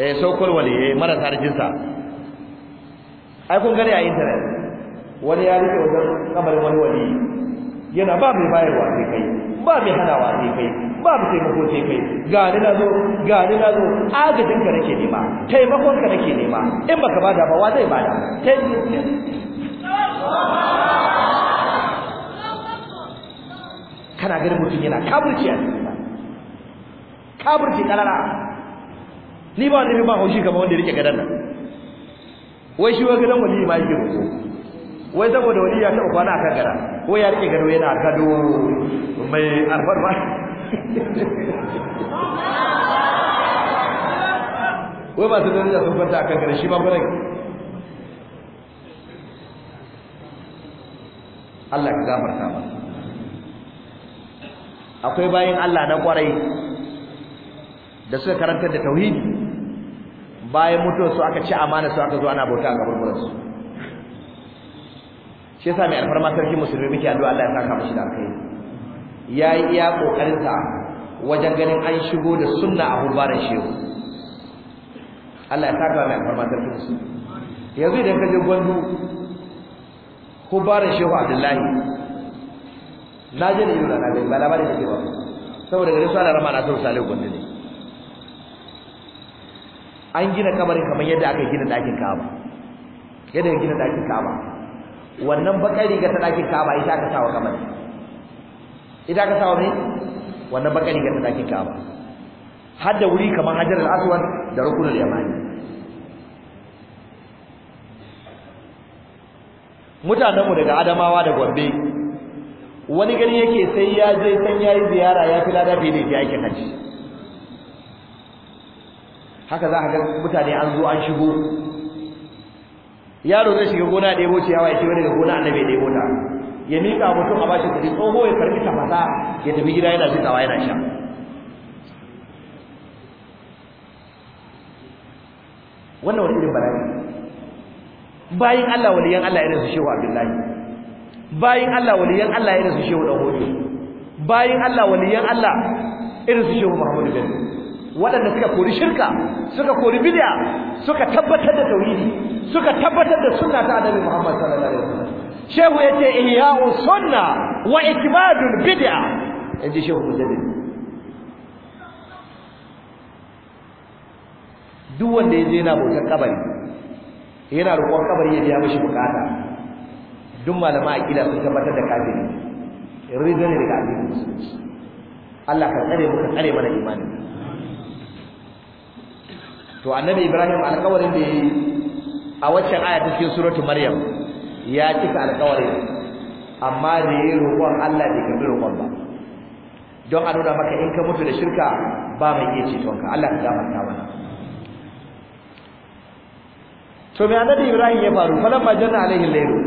eh saukar waliyai marasa rajinsa ai kun gani a intanet wani ya rike wajen kabarin wani wali. yana ba mai bayarwa sai kai ba mai hanawa sai kai ba mai taimako sai kai ga ni na zo ga ni na zo agajin ka nake nema taimakon ka nake nema in baka bada ba wa zai bada kana ganin mutum yana kaburci a cikin kaburci kalara ni ba wanda ba haushi kamar wanda yake gadan nan wai shi wa gadan wani ma yake roƙo wai saboda wani ya taɓa kwana akan gara ko ya rike gado yana gado mai ba wai ba su daraja sun kwanta a gari shi ba kwarai Allah ka gafarta ba. akwai bayan Allah na kwarai da suka karantar da tauhidi bayan mutuwarsu aka ci amana su aka zo ana bauta a gaburburansu shi yasa mai alfarma sarki musulmi muke addu'a Allah ya saka shi da alkhairi yayi iya kokarin wajen ganin an shigo da sunna a hurbaran shehu Allah ya saka mai alfarma sarki musulmi yanzu idan ka je gwandu hurbaran shehu Abdullahi na je da yura na ga ba labarin da ke ba saboda gari su Allah na sau salihu gwandu ne an gina kamarin kamar yadda aka gina dakin kaba. yadda aka gina wannan bakar riga ta dakin Ka'aba ita ka sawa kamar ita ka sawa ne wannan bakar riga ta dakin Ka'aba har da wuri kamar Hajar al-Aswad da Rukunul Yamani mutanen mu daga Adamawa da Gombe wani gani yake sai ya je san yayi ziyara ya fi lada bai da aikin haji haka za ka ga mutane an zo an shigo yaro zai shiga gona ɗebo ciyawa ya shiga daga gona annabi ya ɗebo ta ya miƙa mutum a bashi kudi tsoho ya ta tafasa ya tafi gida yana zuƙawa yana sha wannan wani irin bala'i bayin Allah waliyan Allah irin su shehu Abdullahi bayin Allah waliyan Allah irin su shehu Dawodu bayin Allah waliyan Allah irin su shehu Muhammadu Bello waɗanda suka kori shirka suka kori bid'a suka tabbatar da tauhidi suka tabbatar da sunna ta annabi Muhammad sallallahu alaihi wasallam shehu yace ihya'u sunna wa ikmadul bid'a inji shehu mujaddid duk wanda yaje yana bautar kabari yana roƙon kabari ya biya mishi bukata duk malama akida sun tabbatar da kafiri rizani daga addinin Allah ka tsare mu ka tsare mana imanin to annabi ibrahim alƙawarin da yayi a waccan aya ta cikin suratu maryam ya cika alƙawarin amma da yayi roƙon Allah bai karbi roƙon ba don a nuna maka in ka mutu da shirka ba mai iya cetonka Allah ya gafarta mana to me annabi ibrahim ya faru falamma janna alaihi laylu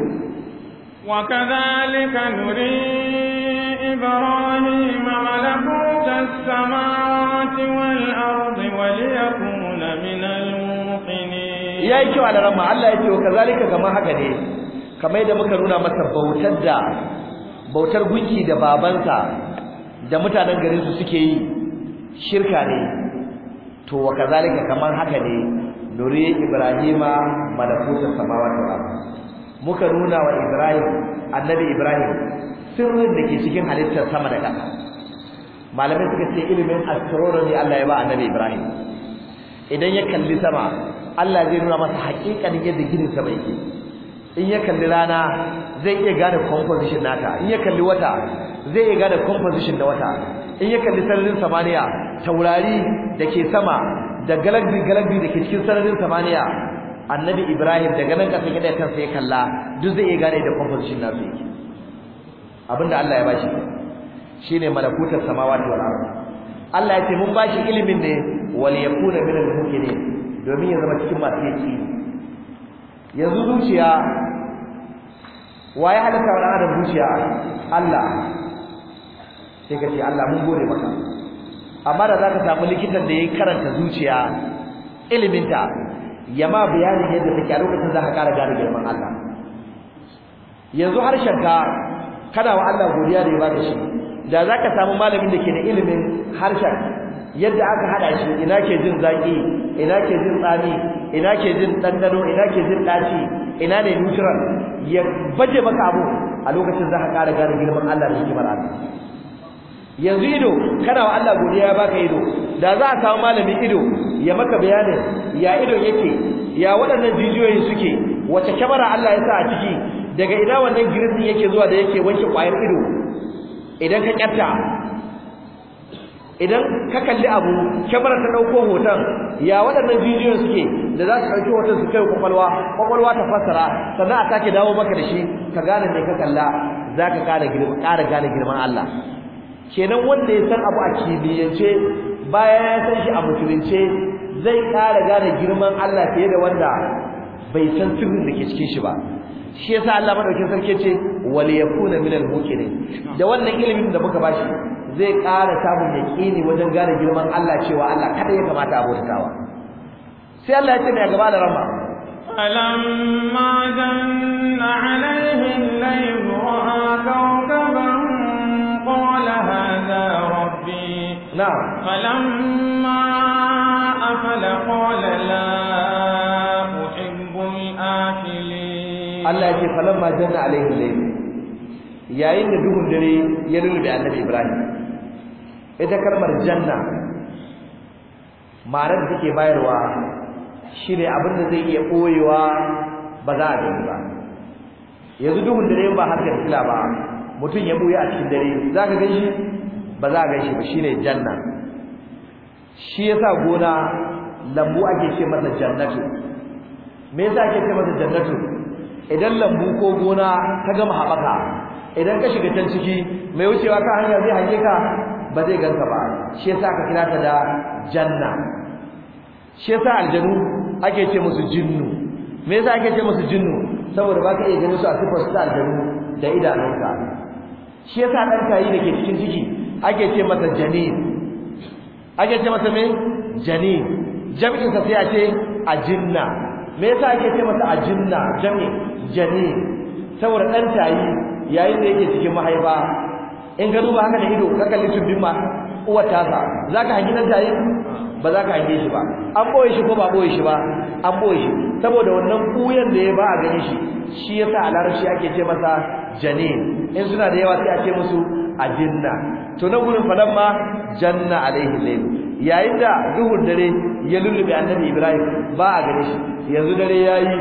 wa kadhalika nuri ibrahim malakuta as-samawati wal ardi wa liyakun Ya yi kyau a يا allah ya ce wa kazalika kamar haka ne kamar da muka nuna masa bautar da bautar gunki da babansa da mutanen garin su suke yi shirka ne to wa kazalika kamar haka ne nuri ibrahima Samawa ta ba. muka nuna wa ibrahim annabi ibrahim sirrin da ke cikin halittar sama da ƙasa malamai suka ce ilimin astronomy Allah ya ba annabi ibrahim idan ya kalli sama Allah zai nuna masa haƙiƙanin yadda ginin sama yake in ya kalli rana zai iya gane composition nata in ya kalli wata zai iya gane composition na wata in ya kalli sararin samaniya taurari da ke sama da galaxy galaxy da ke cikin sararin samaniya annabi ibrahim daga nan kasa gida kansa ya kalla duk zai iya gane da composition nasu yake abinda Allah ya bashi shine malakutar samawati wal ardh Allah ya ce mun bashi ilimin ne wal yakuna min al ne domin ya zama cikin masu yaki yanzu zuciya waye halaka wa adam zuciya Allah sai ka Allah mun gode maka amma da zaka samu likitan da yake karanta zuciya iliminta yama bayani yadda take a lokacin zaka kara gane girman Allah yanzu harshen ka kada wa Allah godiya da ya da shi da zaka samu malamin da ke da ilimin harshen yadda aka hada shi ina ke jin zaki ina ke jin tsami ina ke jin dandano ina ke jin daci ina ne neutral ya baje maka abu a lokacin za ka ƙara gane girman Allah da hikimar Allah yanzu ido kana wa Allah godiya baka ido da za a samu malami ido ya maka bayanin ya ido yake ya waɗannan jijiyoyin suke wace kyamara Allah ya sa a ciki daga ina wannan girin yake zuwa da yake wanke ƙwayar ido idan ka kyafta idan ka kalli abu kyamarar ta ɗauko hoton ya waɗannan bidiyon suke da za su ɗauki hoton su kai kwakwalwa kwakwalwa ta fassara sannan a sake dawo maka da shi ka gane mai ka kalla za ka ƙara gane girman Allah kenan wanda ya san abu a kibiyance baya ya san shi a mutunce zai ƙara gane girman Allah fiye da wanda bai san sirrin da ke cikin shi ba shi yasa Allah madaukin sarki ce wal yakuna minal muqinin da wannan ilimin da muka bashi zai ƙara samun yaqini wajen gane girman Allah cewa Allah kada ya kamata abotawa sai Allah ya ce mai gaba da rama ma janna alaihi al-layl wa kawkaban qala hadha rabbi na'am falamma afala qala la Allah ya ce ma janna alaihi layl yayin da duhun dare ya lulube annabi Ibrahim ita kalmar janna ma'anar da take bayarwa shine abin da zai iya koyewa ba za a gani ba yanzu duhun dare ba har fila ba mutum ya buya a cikin dare za ka gan shi ba za a gan shi ba shine janna shi yasa gona lambu ake ce masa jannatu me yasa ake ce masa jannatu idan lambu ko gona ta gama haɓaka idan ka shiga can ciki mai wucewa ka hanya zai hange ka ba zai ganka ba shi yasa aka kira ta da janna shi yasa aljanu ake ce musu jinnu me yasa ake ce musu jinnu saboda ba ka iya ganin su a sifar su aljanu da idanunka shi yasa ɗan kayi da ke cikin ciki ake ce masa janin ake ce masa me janin jami'in sa sai a ce a jinna. me yasa ake ce masa ajinna jami jani saboda dan tayi yayin da yake cikin mahaifa in ka duba haka da ido ka kalli tubbin ma uwar tasa zaka hangi dan tayi ba za ka hange shi ba an boye shi ko ba boye shi ba an boye shi saboda wannan kuyan da ya ba a gani shi shi yasa a shi ake ce masa jani in suna da yawa sai a ce musu ajinna to na gurin fadan ma janna alaihi layl yayin da duhun dare ya lullube annabi Ibrahim ba a gare shi yanzu dare yayi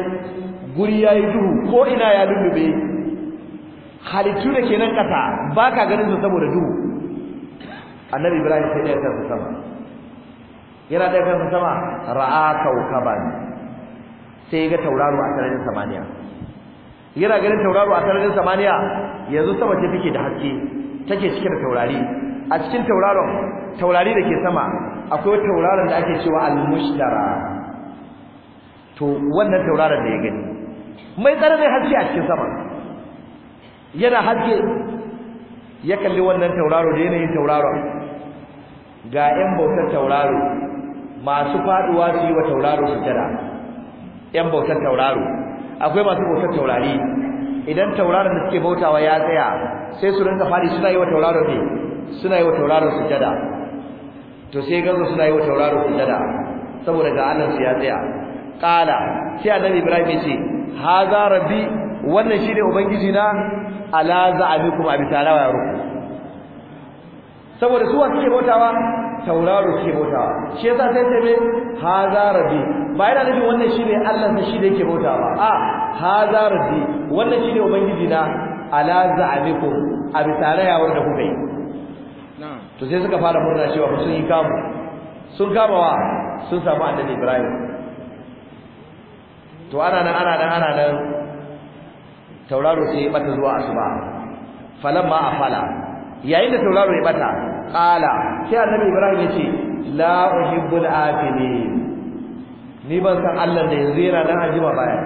guri yayi duhu ko ina ya lullube halittu da kenan kasa ba ka ganin su saboda duhu annabi Ibrahim sai ya tafi sama yana da kan sama ra'a kaukaban sai ga tauraro a sararin samaniya yana ganin tauraro a sararin samaniya yanzu sama ce take da haske take cike da taurari a cikin tauraron taurari da ke sama akwai tauraron da ake cewa al-mushtara to wannan tauraron da ya gani mai tsananin haske a cikin sama yana haske ya kalli wannan tauraro da yanayin tauraron ga 'yan bautar tauraro masu faduwa su yi wa tauraro tara 'yan bautar tauraro akwai masu bautar taurari idan tauraron da suke bautawa ya tsaya sai su rinka fadi suna yi wa tauraro ne suna yi wa tauraron sujada to sai gazo suna yi wa tauraron sujada saboda ga Allah su ya tsaya qala sai annabi ibrahim ya ce haza rabbi wannan shine ubangiji na ala za'abikum abi talawa ya ruku saboda su wa suke motawa, tauraro suke motawa. shi yasa sai sai me haza rabbi ba yana nufin wannan shine Allah ne shi da yake motawa. a haza rabbi wannan shine ubangiji na ala za'abikum abi talawa wanda kuka yi to sai suka fara murna cewa sun yi kamu sun kama wa sun samu annabi Ibrahim to ana nan ana nan ana nan tauraro sai ya bata zuwa asuba falamma afala yayin da tauraro ya bata qala sai annabi Ibrahim ya ce la uhibbul afilin ni ban san Allah da yanzu yana nan ajiba baya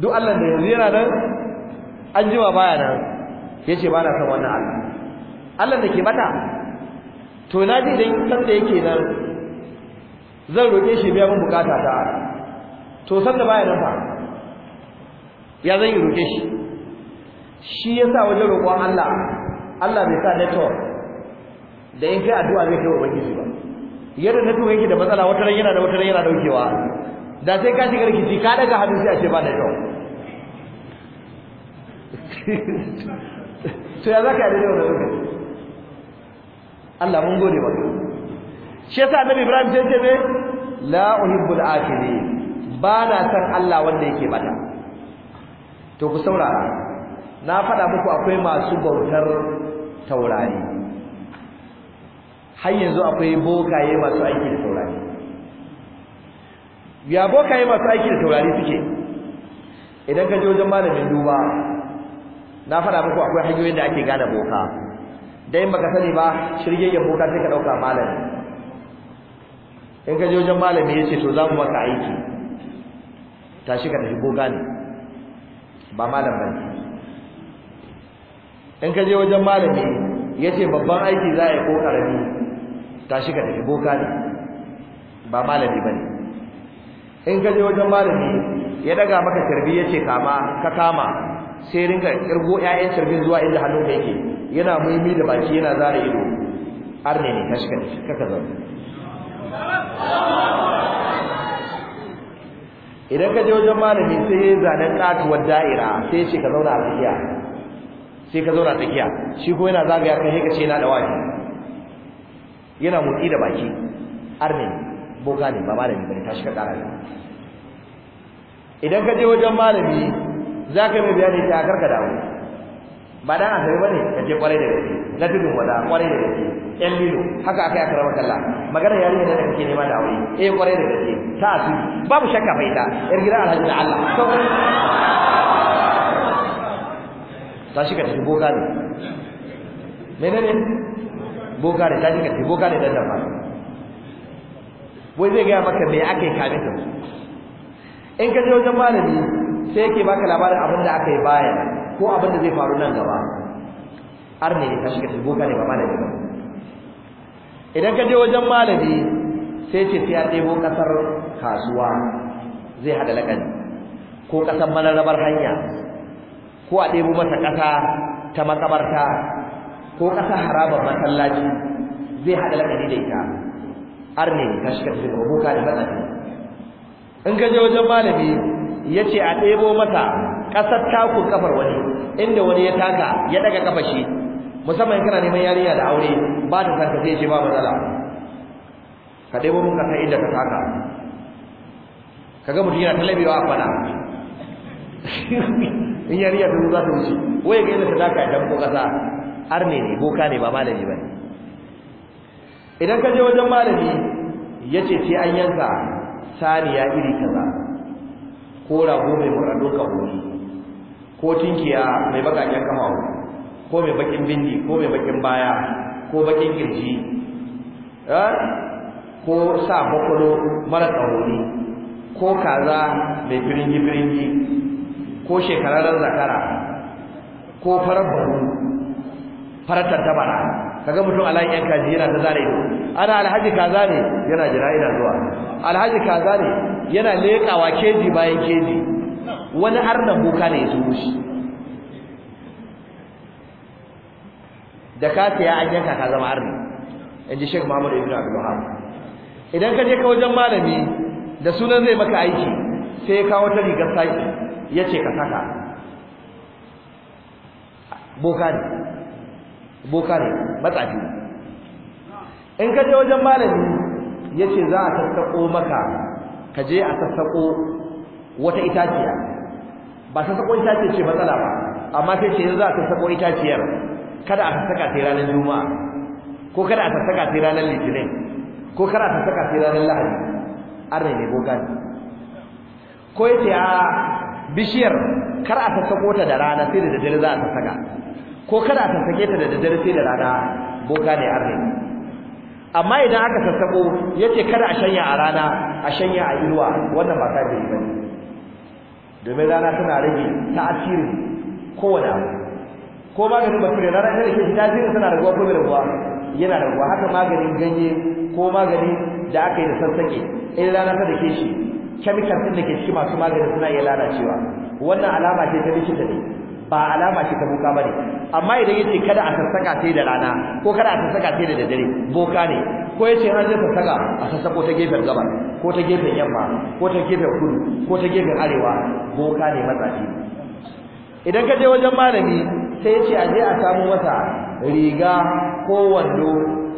duk Allah da yanzu yana nan ajiba baya nan yace ba na san wannan Allah Allah da ke mata to na ji idan san da yake nan zan roƙe shi biya min bukata ta to san da baya nan fa ya zan yi roƙe shi shi yasa wajen roƙon Allah Allah bai sa network da in kai addu'a zai kai ubangiji ba yadda na tuwa yake da matsala wata ran yana da wata ran yana daukewa da sai ka shiga rikici ka daga hannu sai a ce ba da yau [LAUGHS] to ya zaka yi da yau da lokaci Allah mun gode maka shi yasa annabi Ibrahim sai ce me la uhibbul akili ba na san Allah wanda yake bata to ku saurara na faɗa muku akwai masu bautar taurari har yanzu akwai bokaye masu aiki da taurari ya bokaye masu aiki da taurari suke idan ka je wajen malamin duba na faɗa muku akwai hanyoyin da ake gane boka da in baka sani ba shirye ya bota sai ka dauka malami in ka je wajen malami ya ce to za mu maka aiki tashi ka tafi goga ne ba malam bane in ka je wajen malami ya ce babban aiki za a yi ko karami tashi ka tafi goga ne ba malami bane in ka je wajen malami ya daga maka tarbi ya ce kama ka kama sai ringa kirgo ƴaƴan carbin zuwa inda hannun ka yake yana muhimmi da baki yana zara ido arne ne kashi kashi kaka zan idan ka je wajen malami sai ya zanen katuwar da'ira sai ce ka zauna a tsakiya sai ka zauna a tsakiya shi ko yana zagaya kan sai ka ce yana da wani yana motsi da baki arne boka ne ba malami bane tashi ka kara idan ka je wajen malami za ka yi mai bayani ta karka da abu ba dan sai bane ka je kwarai da gaske na tudun wada kwarai da gaske yan lilo haka akai a rama kalla magana yarinya da kake nema da aure eh kwarai da gaske ta su babu shakka fa ita yar gidan alhaji da Allah ta shi ka tafi boka ne menene boka ne ta shi ka tafi boka ne dan da ba wai zai ga maka me akai kamin in ka je wajen malami sai yake baka labarin abin da aka yi baya ko abin da zai faru nan gaba har ne ka shiga tilboka ne ba malami ba idan ka je wajen malami sai ce sai ya ɗebo ƙasar kasuwa zai haɗa laƙani ko ƙasar mararrabar hanya ko a ɗebo masa ƙasa ta makabarta ko ƙasar harabar masallaci zai haɗa laƙani da ita har ne ka shiga tilboka ne ba in ka je wajen malami yace a ɗebo masa ƙasar takun kafar wani inda wani ya taka ya daga ƙafa shi musamman kana neman yariya da aure ba ta san ka sai ce ba matsala ka ɗebo mun ƙasar inda ka taka kaga mutum yana talabewa a kwana [LAUGHS] in yariya ta za ta wuce waye ga yadda ta taka idan ko ƙasa arne ne boka ne ba malami ba idan ka je wajen malami yace sai an yanka saniya iri kaza ko rago mai murado ka ko tinkiya mai bakaken kama ko mai bakin bindi ko mai bakin baya ko bakin kirji eh, ko sa bakwalo mara tsawoni ko kaza mai firingi-firingi ko shekararren zakara ko farar baru farar tattabara kaga mutum layin yan kaji yana ta zare ana alhaji kaza ne yana jira ina zuwa alhaji kaza ne yana lekawa keji bayan keji wani arnan boka ne ya zo shi da ka siya an yanka ka zama arni in ji Sheikh Muhammad Ibn Abdul Wahhab idan ka je ka wajen malami da sunan zai maka aiki sai ya kawo ta rigar saki ce ka saka boka ne boka ne matsafi in ka je wajen malami yace za a sassako maka ka je a sassako wata itaciya ba sassako itaciya ce matsala ba amma sai ce za a sassako itaciyar kada a sassaka sai ranar juma'a ko kada a sassaka sai ranar litinin ko kada a sassaka sai ranar lahadi an ne boka ne ko yace a bishiyar kar a sassako ta da rana sai da daddare za a sassaka ko kada a sake ta da daddare sai da rana boka ne arne amma idan aka sassako yace kada a shanya a rana a shanya a inuwa wannan ba yi bane domin rana tana rage ta'asirin kowane abu ko maganin bature rana take ta asiri tana raguwa ko bai raguwa yana raguwa haka maganin ganye ko maganin da aka yi da sassake in rana ta dake shi chemical din da ke cikin masu maganin suna iya lalacewa wannan alama ce ta bishin ne ba alama ce ta boka bane amma idan yace kada a sassaka sai da rana ko kada a sassaka sai da daddare boka ne ko yace an je sassaka a sassako ta gefen gaba ko ta gefen yamma ko ta gefen kudu ko ta gefen arewa boka ne matsafi idan ka je wajen malami sai yace a je a samu masa riga ko wando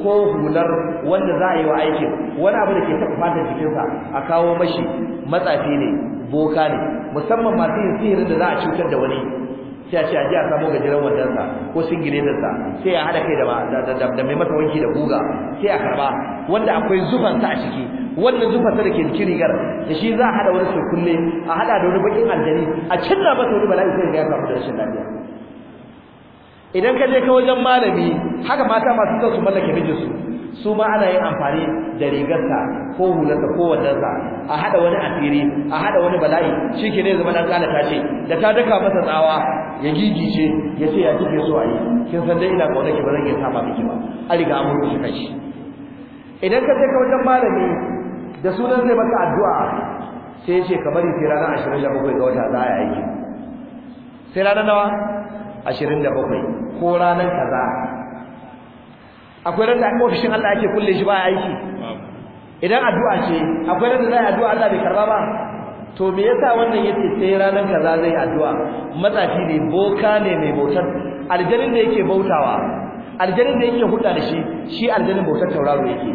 ko hular wanda za a yi wa aikin wani abu da ke taɓa fatar jikinsa a kawo mashi matsafi ne boka ne musamman masu yin sihirin da za a cutar da wani sai a ce a ji a samo gajeren wadansa ko singiletarsa sai a haɗa kai da da mai mata wanki da guga sai a karba wanda akwai sa a ciki wannan zufansa da ke cikin rigar da shi za a hada wani surkulle a haɗa da wani bakin aljani a cinna masa wani bala'i sai ya samu da rashin lafiya idan ka je ka wajen malami haka mata masu son su mallake mijinsu su ma ana yin amfani da rigarsa ko hularsa ko wandansa a haɗa wani asiri a haɗa wani bala'i shi ke ne zama ɗan kalata ce da ta daka masa tsawa ya ce, ya ce ya kike so a yi kin san dai ina kauna ki ba zan iya saba miki ba a riga an mutu shi kashi idan ka je ka wajen malami da sunan zai maka addu'a sai ya ce ka bari sai ranar ashirin da bakwai ga wata za a yi sai ranar nawa ashirin da bakwai ko ranar kaza akwai ran da aka ofishin Allah ake kulle shi ba aiki idan addu'a ce akwai ran da za a yi addu'a Allah bai karba ba to me yasa wannan yace sai ranar kaza zai addu'a matsafi ne boka ne mai bautar aljanin da yake bautawa aljanin da yake huda da shi shi aljanin bautar tauraro yake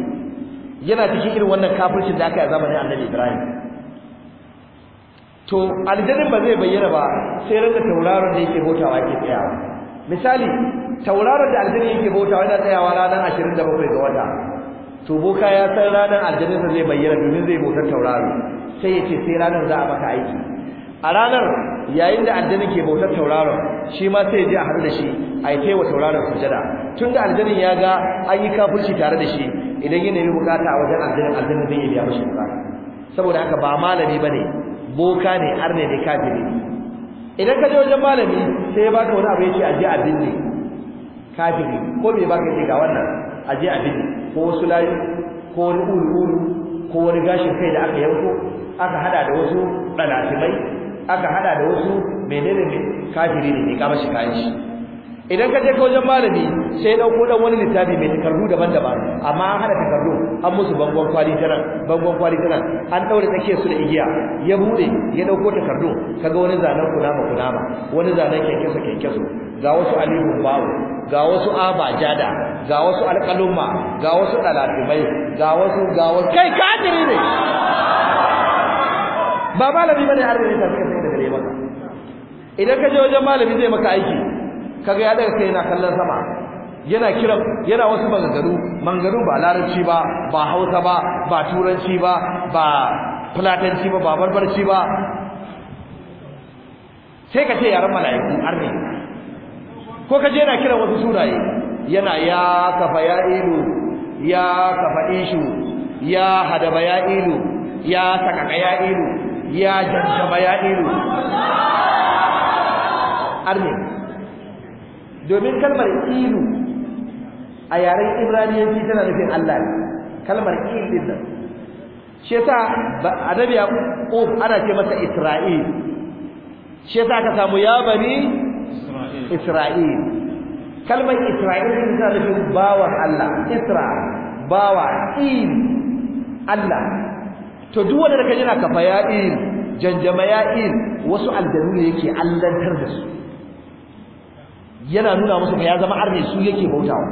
yana cikin irin wannan kafircin da aka yi zamanin Annabi Ibrahim to aljanin ba zai bayyana ba sai ranka da tauraron da yake bautawa yake tsayawa misali tauraron da aljanin yake bautawa yana tsayawa ranar 27 ga wata to boka ya san ranar aljaninsa zai bayyana domin zai bautar tauraro sai ya sai ranar za a maka aiki a ranar yayin da aljanin ke bautar tauraro shi ma sai ya je a haɗu da shi a yi taiwa tauraron sujada tun da aljanin ya ga an yi kafurci tare da shi idan yana yi bukata a wajen aljanin aljanin zai yi biya mashi bukata saboda haka ba malami ba boka ne har ne ne kafiri idan ka je wajen malami sai ya baka wani abu ya ce a je kafiri ko me baka ce ga wannan a je a ko wasu layu ko wani ulu-ulu ko wani gashin kai da aka yanko aka hada da wasu ɗalatimai aka hada da wasu menene kafiri ne ne kama shi kayan shi idan ka je ka wajen malami sai dauko dan wani littafi mai takardu daban-daban amma an hada takardu an musu bangon kwali tana, bangon kwali tana. an daure take su da igiya ya bude ya dauko takardu kaga wani zanen kunama kunama wani zanen keke su ga wasu alihu bawo ga wasu Aba jada, ga wasu alƙalumma ga wasu dalatimai ga wasu ga wasu kai kadiri ne ba malami bane har da ta sai da gare maka idan ka je wajen malami zai maka aiki kaga ya daga kai yana kallon sama yana kiran yana wasu maganganu mangaru ba larabci ba ba hausa ba ba turanci ba ba fulatanci ba ba barbarci ba sai ka ce yaran mala'iku arne ko ka je yana kiran wasu sunaye yana ya kafa ya ilu ya kafa ishu ya hadaba ya ilu ya sakaka ya ilu ya jajjaba ya ilu arne domin kalmar ilu a yaren ibraniyanci tana nufin Allah ne kalmar il din nan shi yasa annabi yaqub ana ce masa isra'il shi ta aka samu ya bani isra'il kalmar isra'il tana nufin bawa Allah isra bawa il Allah to duk wanda kaje na kafa ya il janjama ya il wasu aljanu ne yake allantar da su yana nuna musu ba ya zama arne su yake bautawa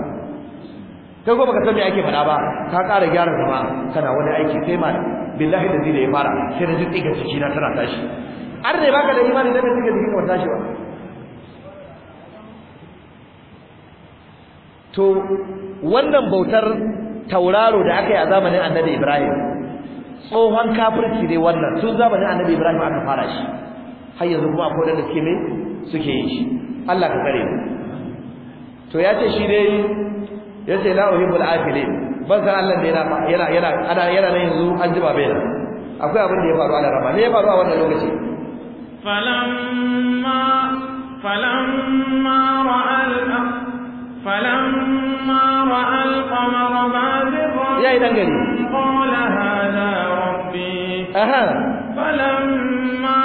kai ko baka san me ake fada ba ka ƙara gyara zama kana wani aiki sai ma billahi da zai da ya fara sai na jiki ga ciki na tana tashi arne baka da imani da tsiga jiki ka tashi ba to wannan bautar tauraro da aka yi a zamanin annabi Ibrahim tsohon kafirci ne wannan tun zamanin annabi Ibrahim aka fara shi har yanzu kuma akwai wanda suke mai suke yin shi Allah ka kare to ya ce shi dai ya ce la uhibbul afilin ban san Allah da yana yana ana yana nan yanzu an jiba bai akwai abin da ya faru a rama ne ya faru a wannan lokaci falamma falamma ra'al falamma ra'al qamara bazighan ya idan gari qala hada rabbi aha falamma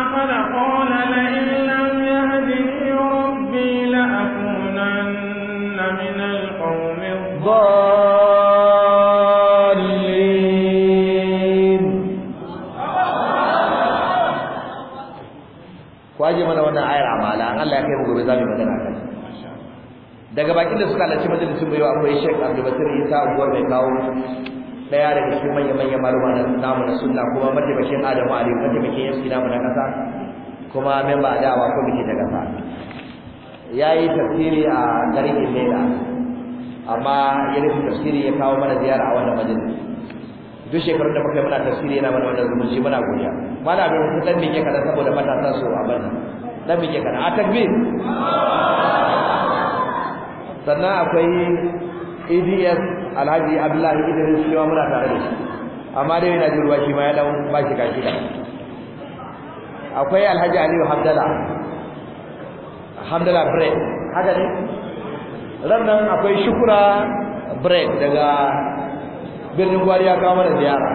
afala qala la ilaha daga bakin da suka halarci majalisun bai akwai Sheikh Abdulbasir Isa Uwar mai kawo daya daga cikin manyan manyan maluma na namu na sunna kuma mataimakin Adamu Ali mataimakin Yusuf namu na kasa kuma memba da awa komiti ta kasa yayi tafsiri a garin Ilela amma ya rufe tafsiri ya kawo mana ziyara a wannan majalisi duk shekarun da muka yi muna tafsiri yana mana wannan zumunci muna godiya mana abin dan mike kada saboda matasa su a bana dan mike kada a takbir sannan akwai EDS Alhaji Abdullahi Idris shi muna tare da shi amma dai yana jin ruwa shi ma ya dan ba shi kashi da akwai Alhaji Aliyu Hamdala Hamdala Bread haka ne rannan akwai Shukura Bread daga birnin gwari ya kawo mana ziyara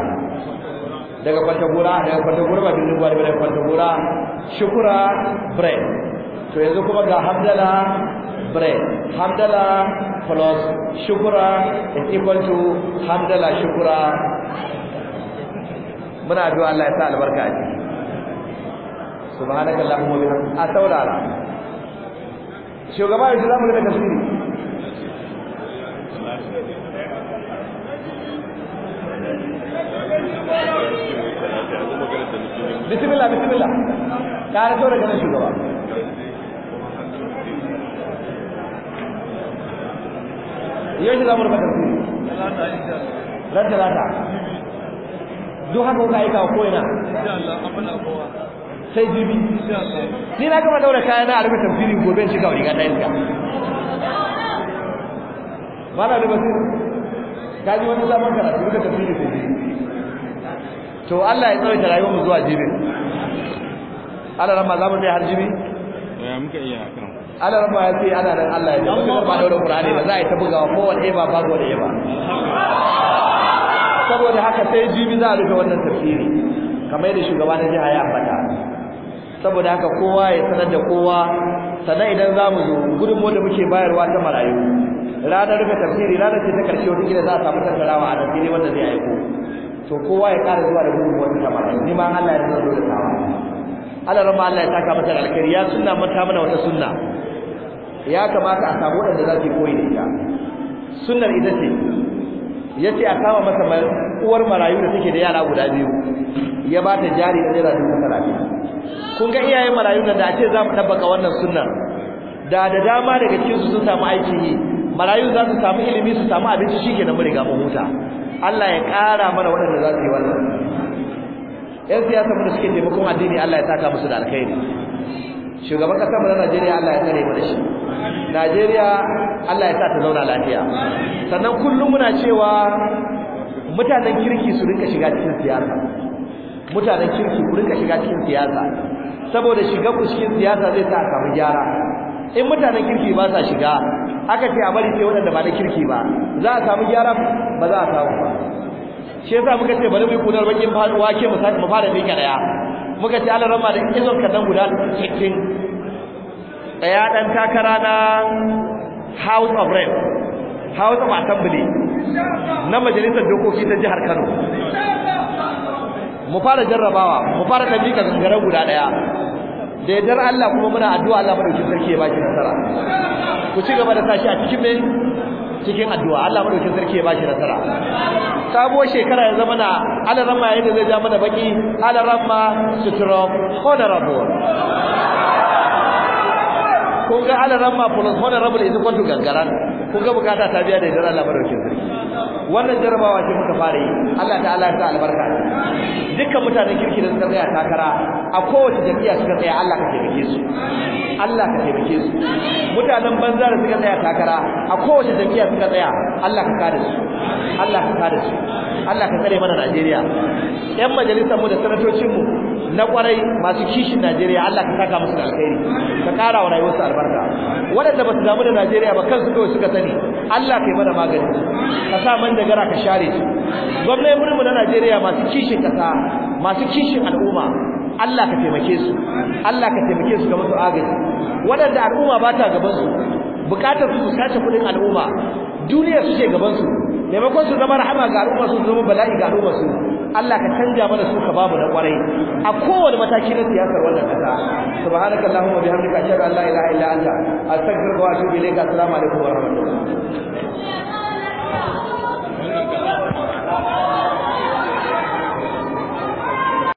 daga Kwantagora daga Kwantagora ba birnin gwari ba daga Kwantagora Shukura Bread to yanzu kuma ga Hamdala bread. Hamdala plus shukura is equal to hamdala shukura. Muna addu'a Allah ya sa albarka a ciki. Subhanakallahumma wa bihamdika. A saurara. Shugaba yanzu zamu ga tafsiri. Bismillah bismillah. Ka rato daga shugaba. yau shi za mu rufe tafsiri ran talata duk haka kuka aika ko ina sai jibi ni na gama daura kayan na a rufe tafsiri gobe shi riga ta iska ba na rufe ka ji wani zaman karatu rufe tafsiri gobe to Allah ya tsawaita rayuwar mu zuwa jibi Allah ran ma za mu har jibi muka iya ana rama ya ce ana nan Allah ya ce ba wani Qur'ani ba za a yi ta bugawa ko wani ba ba ko ba saboda haka sai jibi za a rufe wannan tafsiri kamar yadda shugaba na jiha ya ambata saboda haka kowa ya sanar da kowa sannan idan za mu zo gudunmu da muke bayarwa ta marayu ranar rufe tafsiri ranar ce ta karshe wata gida za a samu tattarawa a tafsiri wanda zai aiko to kowa ya kara zuwa da gudunmu ta marayu ni ma Allah ya zo da tawa Allah ma Allah ya saka mata alkhairi ya sunna mata mana wata sunna ya kamata a samu wanda za su koyi da ita sunnar ita ce yace a kama masa uwar marayu da take da yara guda biyu ya ba ta jari da da dubu talatin kun ga iyaye marayu da a ce za mu tabbaka wannan sunnar da da dama daga cikin su sun samu aiki marayu za su samu ilimi su samu abinci shikenan mu riga mu huta Allah ya ƙara mana waɗanda za su yi wannan yan siyasa mu da suke taimakon addini Allah ya saka musu da alkhairi shugaban kasar mu na Najeriya Allah ya tsare mu da shi Najeriya Allah ya sa ta zauna lafiya sannan kullum muna cewa mutanen kirki su rinka shiga cikin siyasa mutanen kirki ku rinka shiga cikin siyasa saboda shiga ku cikin siyasa zai sa a samu gyara in mutanen kirki ba sa shiga aka ce a bari sai waɗanda ba na kirki ba za a samu gyara ba za a samu ba shi yasa muka ce bari mu yi kunar bakin ke mu sake mu fara dai ka daya muka ce Allah rama da izon ka dan guda cikin daya dan takara na House of Rep House of Assembly na majalisar dokoki ta jihar Kano mu fara jarrabawa mu fara tabbika gangaren guda daya da yardar Allah kuma muna addu'a Allah madaukakin sarki ya baki nasara ku ci gaba da sashi a cikin mai cikin addu'a Allah maɗauki sarki ya bashi nasara sabuwar shekara ya zama na alarama yayin da zai ja mana baki alarama sutura honorable kun ga alarama plus honorable is equal to gangaran kun ga bukata ta biya da idan Allah muke wannan jarabawa ce muka fara yi Allah ta'ala ya sa albarka dukkan mutanen kirki da suka tsaya takara a kowace jami'a suka tsaya Allah ka taimake su Allah ka taimake su mutanen banza da suka tsaya takara a kowace jami'a suka tsaya Allah ka kada su Allah ka kada su Allah ka tsare mana Najeriya yan majalisar mu da sanatocin mu na kwarai masu kishin Najeriya Allah ka saka musu alkhairi ka kara wa rayuwarsu albarka waɗanda ba su damu da Najeriya ba kansu kawai suka sani Allah kai mana magani ka sa man da gara ka share su gwamnati mu na Najeriya masu kishin kasa masu kishin al'umma Allah ka taimake su Allah ka taimake su ga musu agaji waɗanda al'umma ba ta gaban su bukatar su sace kudin al'umma duniya su ce gaban su maimakon su zama rahama ga al'umma su zama bala'i ga al'umma su Allah ka canja mana su ka babu na kwarai a kowane mataki na siyasar wannan kasa subhanakallahumma bihamdika ashhadu an la ilaha illa anta astaghfiruka wa atubu ilayka assalamu alaikum wa rahmatullahi